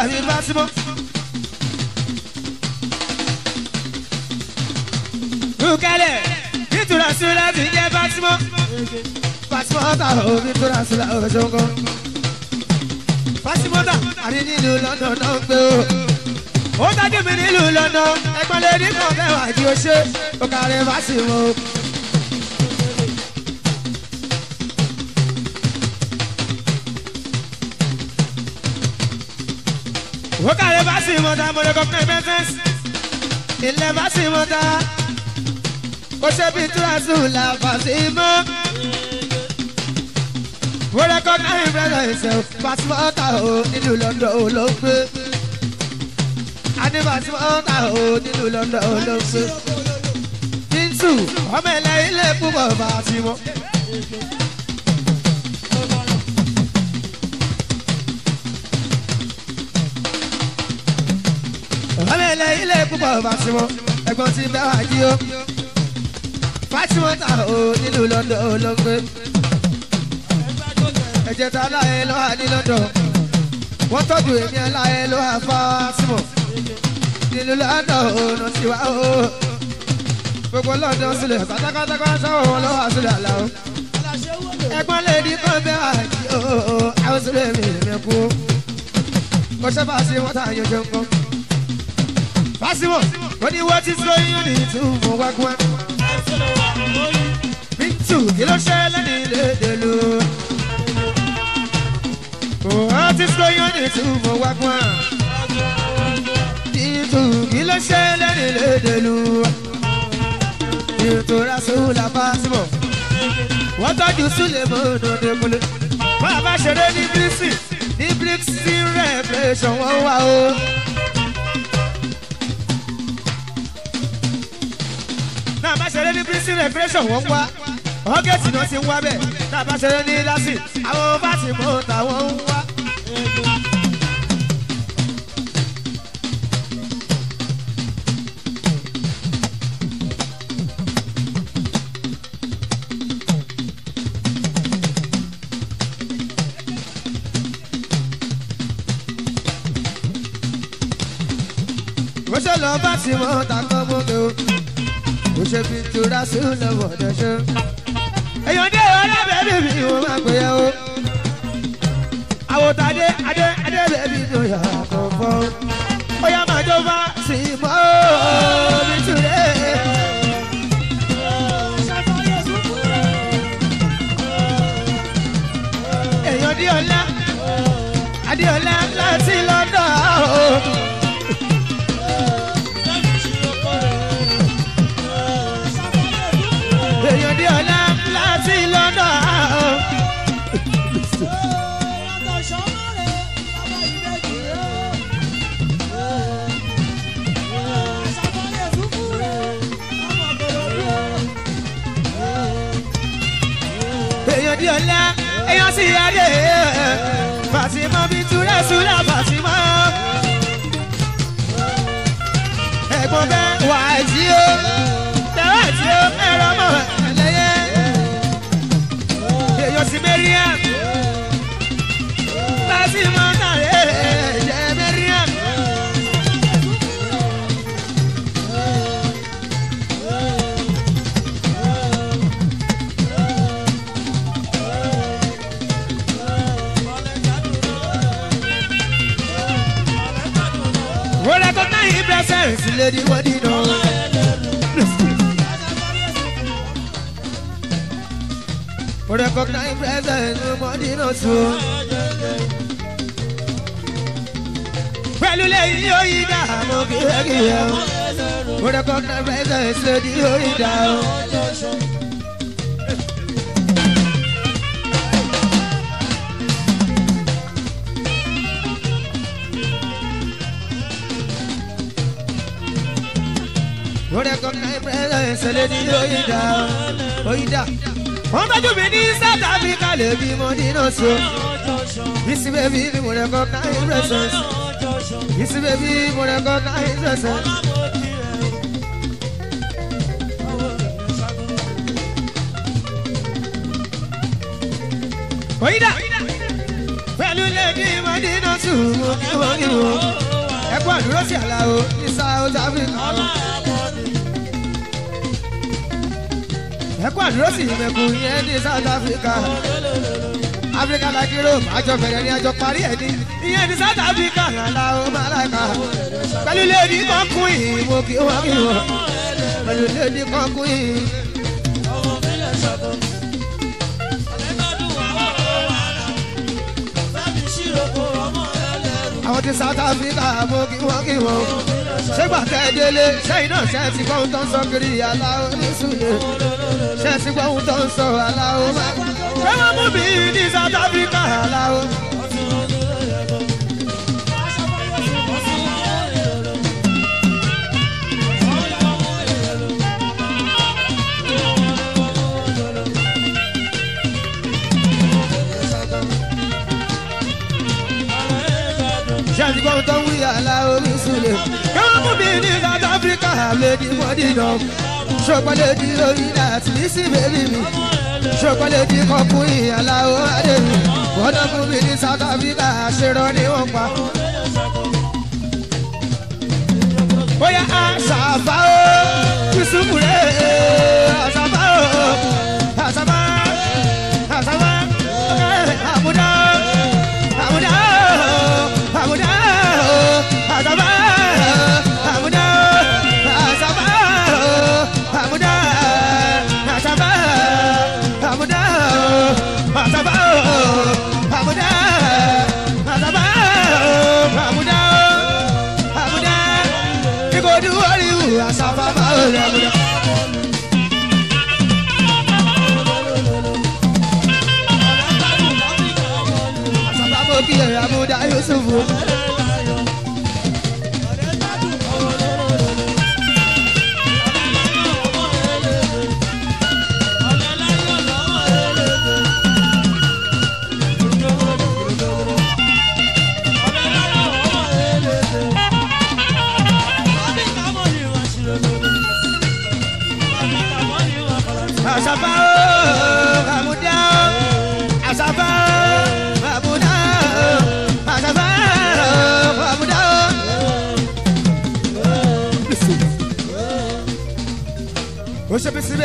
àbí Fátímọ̀. Bukẹ́lẹ̀ nítura súnlá ti jẹ́ Fátímọ̀. Fátímọ̀ ta ò nítura súnlá ò ṣoǹgọ́. Fátímọ̀ ta àrí nílùú London náà ń gbé o. Ó dájú mi nílùú London, ẹ̀gbọ́n lè ní kàn fẹ́ wájú ó ṣe. Ó kàrẹ́ Fátímọ̀ o. Ele va si mota, mo recognize business. Ele va si Ko se bi tura su la fasima. Mo recognize brother himself. Fasima ta o nínú London o ló gbé. Adé Ani ta o nínú London o ló gbé. Bíntù ọmọ ẹlẹ́yìn lè púpọ̀ bá a ti ilé púpọ̀ Pasuma ẹ̀gbọ́n ti bẹ́ẹ̀ wá jí ó Pasuma ta o nílùú London olóńgbé ẹ̀jẹ̀ ta láyé ló wà ní London wọ́n tọ́jú èmi láyé ló wà Pasuma nílùú London òun ti wá o gbogbo London sílẹ̀ pátákátáká sáwọn wọn lọ́wọ́ sílẹ̀ àlàó ẹ̀gbọ́n lè di kọ́ bẹ́ẹ̀ wá jí ó àwọn sílẹ̀ mi lè mẹ́kú mo ṣẹ́ bá sí wọ́n tà yọjọ́ nǹkan. Possible. When you watch it, so you need to move back one. Me too. You don't share any little. Oh, artist, so you need to move back one. Ètò kí ló ṣẹlẹ̀ nílẹ̀dẹ̀lú. Ètò Rasúlà Pásímọ̀. Wọ́n tọ́jú Súlẹ̀mọ́ Òdòdókúnlé. Bàbá ṣeré ní Bírísì ní Bírísì Revelation wọ́n wá tá a bá ṣeré ní prison recreation wọ́n ń wá ọ́gẹ́tì náà ti ń wá bẹ́ẹ̀ tá a bá ṣeré ní lásì àwọn fásitì mọ́ tàwọn ń wá. lọ bá ti mọ ta kọ́ mọ́tò òṣèbí tura sí lọ́wọ́ dọ́ṣọ́. èèyàn dé ọ̀rẹ́ bẹ́ẹ̀ bí mi ò máa pè é o àwòtadé adé. sùúrà Fàtímà. ẹ̀gbọ́n bẹ́ẹ̀ wà á sí o tẹ̀wá sí o ẹ̀rọ mọ̀ ẹlẹ́yẹ. èèyàn sì mẹ́rin ẹ̀ Fàtímà. lady Madina. Recognize presence of Madina too. Pẹ̀lú lẹ́yìn yóò yí dá àmọ́ kí ẹ kí ẹ. Recognize presence lady yóò yí dá o. ni lóyìndà lóyìndà. wọ́n tọ́jú mi ní South Africa lè bí mo dínà so. bísí bèbí ni mo rẹ̀ kọ́ káyé rẹ̀sẹ̀s. bísí bèbí mo rẹ̀ kọ́ káyé rẹ̀sẹ̀s. lóyìndà pẹ̀lú lèdí mo dínà so mo kí wọ́n kí wọ́n. ẹ̀kọ́ àdúró sí àlàó ní South Africa. ẹkú àdúró sì mẹ́kù yẹn ní South Africa Africa like Europe àjọ bẹ̀rẹ̀ ní àjọ parí ẹ̀ ní ìyẹn ní South Africa yàrá ó máa láìka pẹ̀lú lèdi kọ́kùn yìí mo kí wọ́n kí wọ́n pẹ̀lú lèdi kọ́kùn yìí. àwọn ti South Africa mo kí wọ́n kí wọ́n ṣé gbàtẹ́ délé ṣé iná ṣe ti kọ́ tán sọ kiri yàrá ó ṣe ti gbọ́ ohun tó ń sọ aláwo máa ń ṣé wọ́n mú mi ní South Africa aláwo. Ṣàtìgbọ́n tó ń wí àlà omi sílẹ̀. Kí wọ́n mú mi ní South Africa, lè dìbò dìdọ̀ ṣọpọlẹ di oyin àti bísí bèbí mi ṣọpọlẹ di kọpù ìyàláwó adé mi bọ́dọ̀ fún mi ní South Africa àṣírọ ni wọ́n pa. bóyá àṣàfà ó kìsùnkùrẹ́ àṣàfà ó. I'm sebut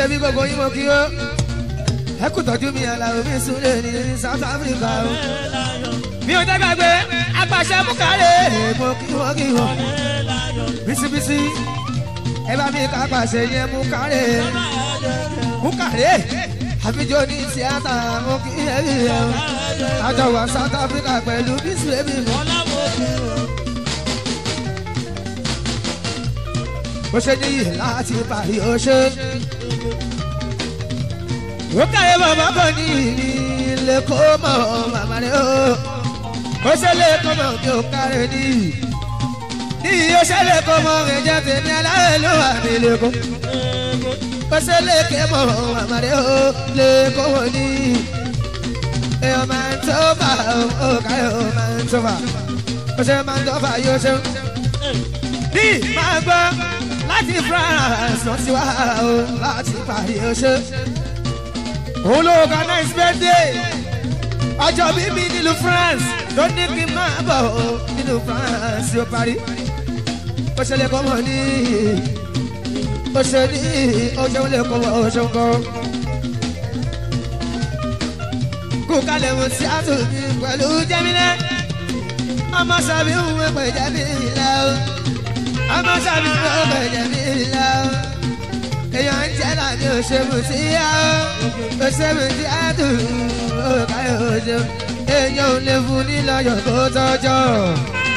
lè bí gbogbo yín mọ̀ kí ó. ẹ kò tọ́jú mi àlàó mi sùn lè ní South Africa o. mi ò dágbàgbé apàṣẹ bùkárẹ̀. èèmọ̀ kí wọ́n kí wọ́n bisibisi ẹ bá mi ká pàṣẹ yẹn bùkárẹ̀. bùkárẹ̀ àfijọ́ ní tíátà mo kí ẹ rí ẹ o. àjọ wa South Africa pẹ̀lú bísí èmi mọ́. bó ṣe níyì láti parí ó ṣe. Rúkàyé bàbá kò ní ilé kó mọ̀ bàbá rẹ̀ o. Ó ṣẹlẹ̀ kó mọ̀ kí o kárẹ̀ ní. Ní iye ṣẹlẹ̀ kó mọ̀ rẹ̀ jẹ́ tèmi aláwẹ̀ ló wà ní lẹ́kọ̀ọ́. Ó ṣẹlẹ̀ kí mọ̀ bàbá rẹ̀ o lẹ́kọ̀ọ́ wọ̀ ní. Èèyàn máa ń tó bá o káyọ̀ o máa ń tó bá. Ó ṣe máa ń tó bá yóò ṣe. Ní máa gbọ́ láti France wọ́n ti wá o láti Paris ó ṣe òun ló organize birthday ọjọ́ bíbí nílùú France ló ní kí n máa bọ̀ nílùú France ó parí ó ṣẹlẹ̀ kọ́ mọ̀ ní ó ṣe ní ọjọ́ ilé kọ́ mọ̀ ọ̀ṣọ́ kan. kú kalẹ̀ mo ti àtúntì pẹ̀lú jẹ́mílẹ̀ ọmọ sábì ń wẹ̀ pẹ̀ jẹ́mílẹ̀ ọmọ sábì ń wẹ̀ pẹ̀ jẹ́mílẹ̀ èèyàn ń tiẹ̀ náà ni òṣèlú sí yá o òṣèlú sí àdùn òkàyọ̀ òṣèlú èèyàn ò lè fún ní lọ́yọ̀ tó tọ́jọ́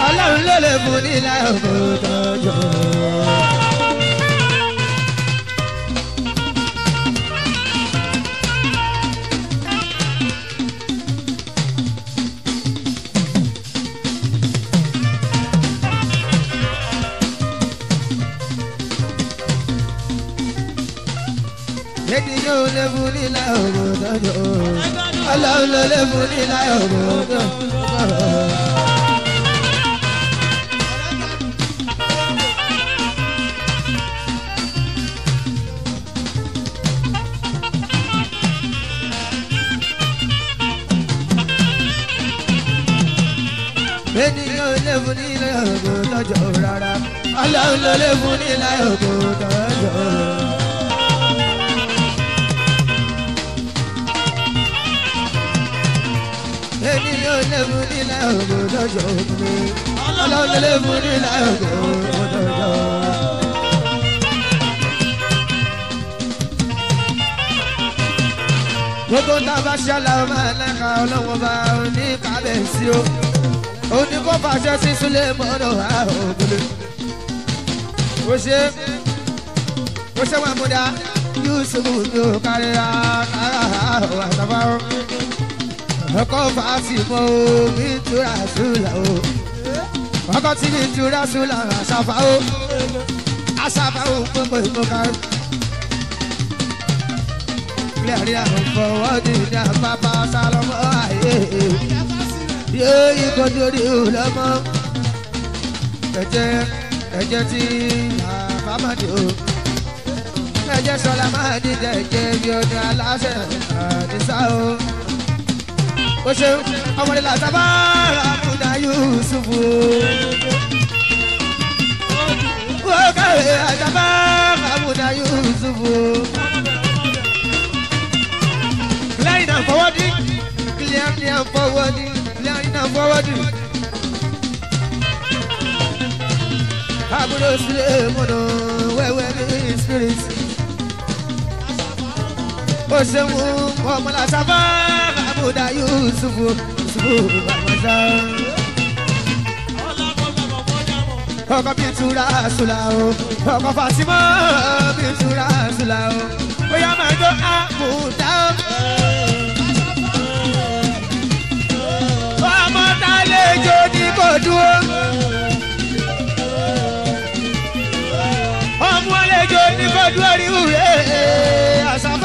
ọlọ́run ló lè fún ní láyọ̀ tó tọ́jọ́. ọlọ́run lè fún ní láyọ̀ ta jo. ọlọ́run lè fún ní láyọ̀ mọ́ ta jo. lè fún ní ilé ògùn lọ́jọ́ rárá ọlọ́run ló lè fún ní ilé ògùn lọ́jọ́ rárá. ọlọ́lẹ̀ mú nílẹ̀ ògùn lọ́jọ́ òní ọlọ́lẹ̀ mú nílẹ̀ ògùn lọ́jọ́ òní. gbogbo tá a bá ṣẹlẹ̀ ọ máa lẹ́ka ọlọ́wọ́n bá ní kábẹ́sì o òní kó fàṣẹ sí súlẹ̀ mọ́nà àhògùnlé. ó ṣe ó ṣe wà múdà yusuf ní òkàrẹ́ àkàrà àhòhàn àtàwọn ọkọ Fátímọ̀ o mi tura sula o ọkọ tí mi tura sula àṣàfà o àṣàfà o gbogbo ìmọ̀ká. Kílẹ̀rì àfọwọ́dì ní àpapọ̀ sálọ́mọ́ ayé yóò yí kojú rí ìlọ́mọ́ ẹ̀jẹ̀ ẹ̀jẹ̀ tí àbámadì o ẹ̀jẹ̀ sọlá máa dídẹ̀ ẹ̀jẹ̀ bí ọdún aláṣẹ àdìsá o o ṣeun ọmọdé làtàbà àkùdá Yusufu. o ó kàwé àtàbà àkùdá Yusuf o. lẹ́yìn náà fọwọ́dí lẹ́yìn náà fọwọ́dí lẹ́yìn náà fọwọ́dí. àbúrò sílẹ̀ mọ́nà wẹ́wẹ́ ní spirit. o ṣeun ọmọlàtàbà. Kódà Yusufu Yusufu Bàbáṣá. Ọkọ bí ìtura Sula o, ọkọ Fatima bí ìtura Sula o, ó yá máa jó àbùdá. Ọmọ ta a lè jó ní kò dúró. Ọmọ lè jó ní kò dúró rí wúre. Àṣàbọ̀.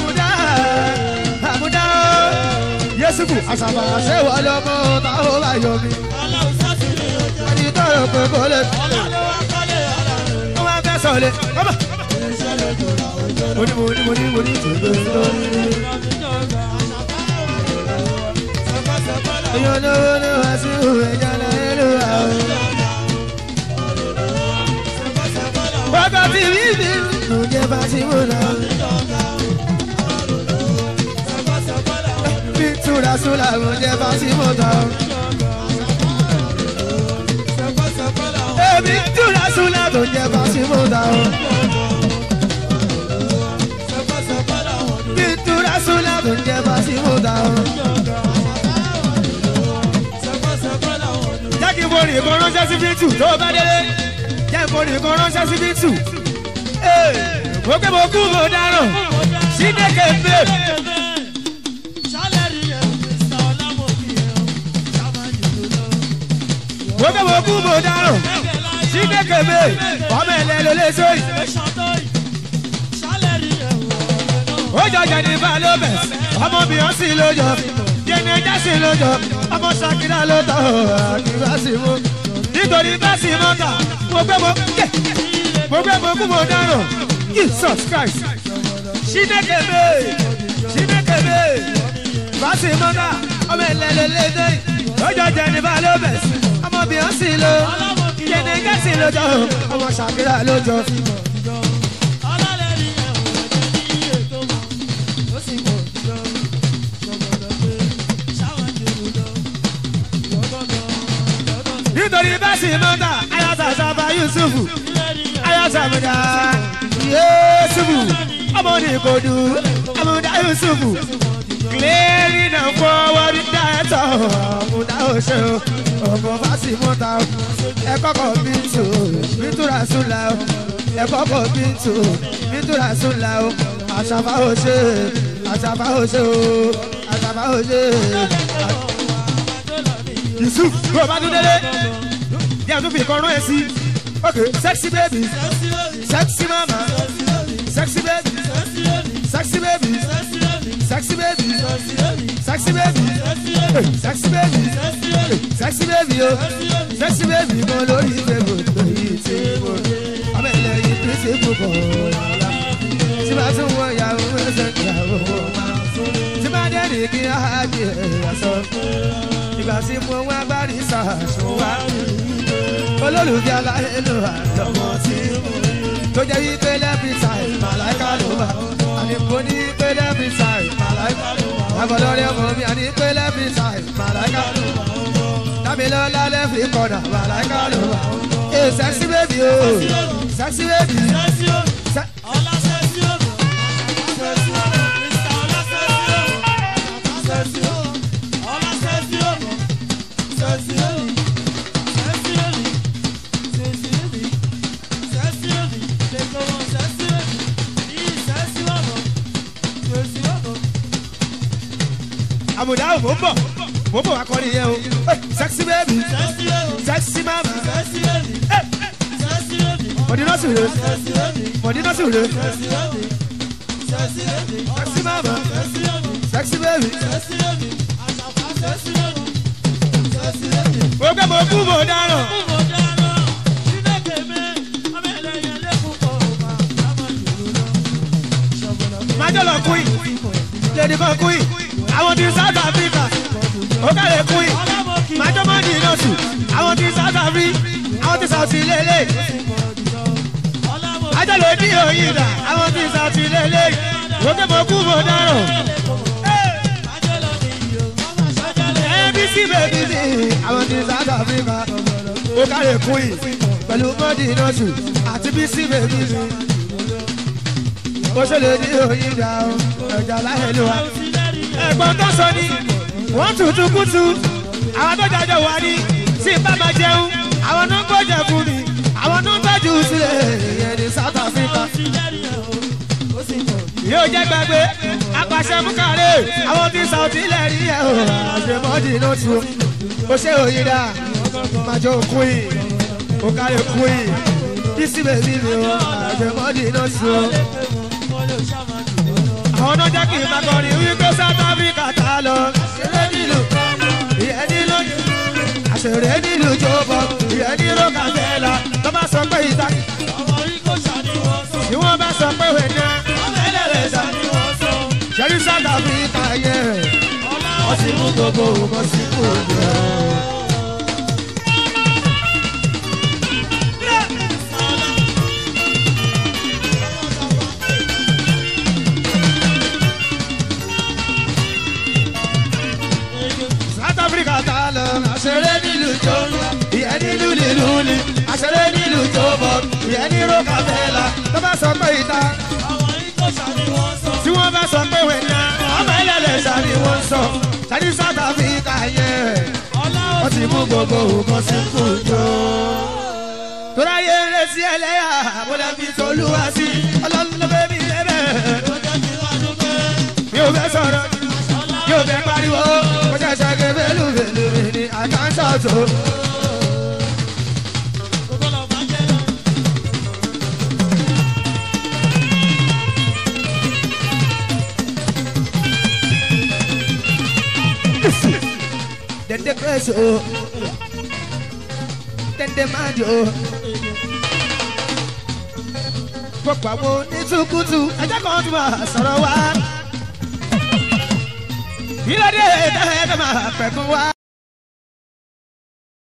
Impossible àṣàbà àṣẹ wà lọ́mọ táwọn bá yọ mí. Ọlọ́run sọ́ọ̀tì ni ojú. Ẹni tó rò pé kò lè. Ọlọ́run wá kọ́lé ọlọ́run. Wọ́n máa fẹ́ sọ̀lẹ̀. Bọ́bà. Iṣẹ́ lójú ra ojú ọ̀rọ̀. Mo ní mo ní mo ní mo ní tòjú lórí. Èèyàn lówó ló wá sí ìwé ìjọba ìlú àwọn. Bọ́bá ti rí mi. Mo jẹ́ bá ti mú náà. múra súnlá mo jẹ́ fásitì tán. èmi túra súnlá tó jẹ́ fásitì tán. mi túra súnlá tó jẹ́ fásitì tán. jẹ́ kí n borí kan ránṣẹ́ sí bíntù tó bá délé jẹ́ n borí kan ránṣẹ́ sí bíntù. mo mo kú mo dáràn sídẹ̀kẹ̀ bẹ́ẹ̀. mo kẹ́ mo kú mo dáràn sí kékeré ọmọ ẹ̀lẹ́ lélẹ́ sóyè. ó jọ jẹnifa lópez ọmọ beyonce lójọ jẹni jẹsìn lójọ ọmọ sakira ló tọ àkìrá sí mú nítorí bá sì mọ́ta mo kẹ́ mo kẹ́ mo kẹ́ mo kú mo dáràn Jesus Christ sí kékeré sí kékeré bá sì mọ́ta ọmọ ẹ̀lẹ́ lélẹ́ sóyè ó jọ jẹnifa lópez ọmọ Beyonce ló kéde gẹ̀ẹ́sì lójọ ọmọ Shakira lójọ fífọ. nítorí bẹ́ẹ̀ sì mọ́tà ayọ̀tà sábà Yusuf ayọ̀tà mọ́tà Yusufu ọmọ ní ìkọdù amúdá Yusufu clearing and forward data ọmọdá ọ̀ṣẹ́ o ọmọ fásitì mọ́ta ẹ kọ́kọ́ bíntù bíntúra súnla o ẹ kọ́kọ́ bíntù bíntúra súnla o àṣàfà òṣè àṣàfà òṣè o àṣàfà òṣè. Yusuf ló bá dún délé yẹ tó fi kọrún ẹ sí ok sexy baby sexy mama sexy baby sexy baby, sexy baby, sexy baby, sexy baby, sexy baby, yo, oh. sexy baby, mo lórí fèbò lórí tèbò, abẹ́lẹ̀ yìí pèsè púpọ̀. Tí bá tún wọ ìyàwó ẹsẹ̀ ìyàwó wọn máa fún. Tí bá dé ní kí á di ẹ̀yà sọ. Ìgbà tí mo wá bá rí sàṣù wá. Olólùfẹ́ aláyé ló wà lọ́mọ tí mo rí. Tó jẹ́ wípé lẹ́bí táì màláìka ló wà mi kò ní pé lẹ́bi sàì màláìka àgọ́dọ̀ rẹ̀ mọ̀ mi àní pé lẹ́bi sàì màláìka tàbí lọ lálẹ́ fi kọ̀nà màláìka ló wà. ẹ sexy baby, sexy sẹ́sí bèbí. àbùdá ò mò ń bọ̀ mò ń bọ̀ wá kọrin yẹn o sexy baby sexy mama mọ̀dínà sì rè mọ̀dínà sì rè sexy mama sexy baby. mo gbé mo kú mo dáràn. májọ̀ lọ kú yìí lè dìbò kú yìí àwọn ti South Africa ó kàlẹ̀ kún yìí májọ́mọ́dì náà sùn àwọn ti South Africa àwọn ti South lélẹ̀ ajálẹ̀ ní òyìn dà àwọn ti South lélẹ̀ lókè mọ́ kú mọ́ dáràn. ABC baby ni àwọn ti South Africa ó kàlẹ̀ kún yìí pẹ̀lú mọ́dì náà sùn àti BBC baby ni mo ṣe lè ní òyìn dà ọjà láyé ló ẹ̀gbọ́n tó sọ ni wọ́n tutù kùtù àwọn tó jàjọ wà ní tí bá máa jẹun àwọn náà gbọ́jà fún mi àwọn náà tọ́jú sílẹ̀ ìyẹn ní South Africa yóò jẹ́ gbàgbé apàṣẹ múkàlẹ́ àwọn tí sàùtì lẹ̀ rí ẹ̀ o àṣemọ́dì ló tu o ṣe òyìn màjọ òkun yìí òkàlẹ̀ òkun yìí kí síbẹ̀ bí mi o àṣemọ́dì ló tu o àwọn tó jẹ́ kí n máa kọrin wípé South Africa ta lọ. ṣeré nílò ìyẹn nílò àṣẹrẹ nílò jọbọ ìyẹn nílò kàtẹ́lá tó bá sọ pé ìta. ọmọ ikó ṣàníwọ̀ sọ. ni wọ́n bá sọ pé wẹ̀dẹ́. ọlẹ́lẹ̀rẹ̀ ṣàníwọ̀ sọ. ṣẹ́rí South Africa yẹ. ọlá ọ̀sìn mú gbogbo ògbọ́sí kò ẹni ró kàfẹ́lá tó bá sọ pé ìta. àwọn ikọ̀ sani wọ́n sọ. tí wọ́n bá sọ pé wẹ̀dá ọmọ ẹlẹ́lẹ̀ sani wọ́n sọ. sani South Africa yẹ wọ́n ti mú gbogbo nǹkan sí kùjọ. tóra yé eré sí ẹlẹ́yà àbúlé fi tolúwa sí ọlọ́run ló fẹ́ mi lẹ́bẹ̀. mi ò fẹ́ sọ̀rọ̀ mi ò fẹ́ pariwo mo ṣẹ̀ṣẹ̀ gé bẹ́lú bẹ́lú mi ni àtàǹṣà tó. Then they press, oh. Then they mind, oh. Gbogbo àwọn onítukutu ẹjẹ́ kan tún máa sọ̀rọ̀ wá. Ìlọ́dẹ̀ ẹ̀dá ẹ̀dá máa pẹ̀kún wá.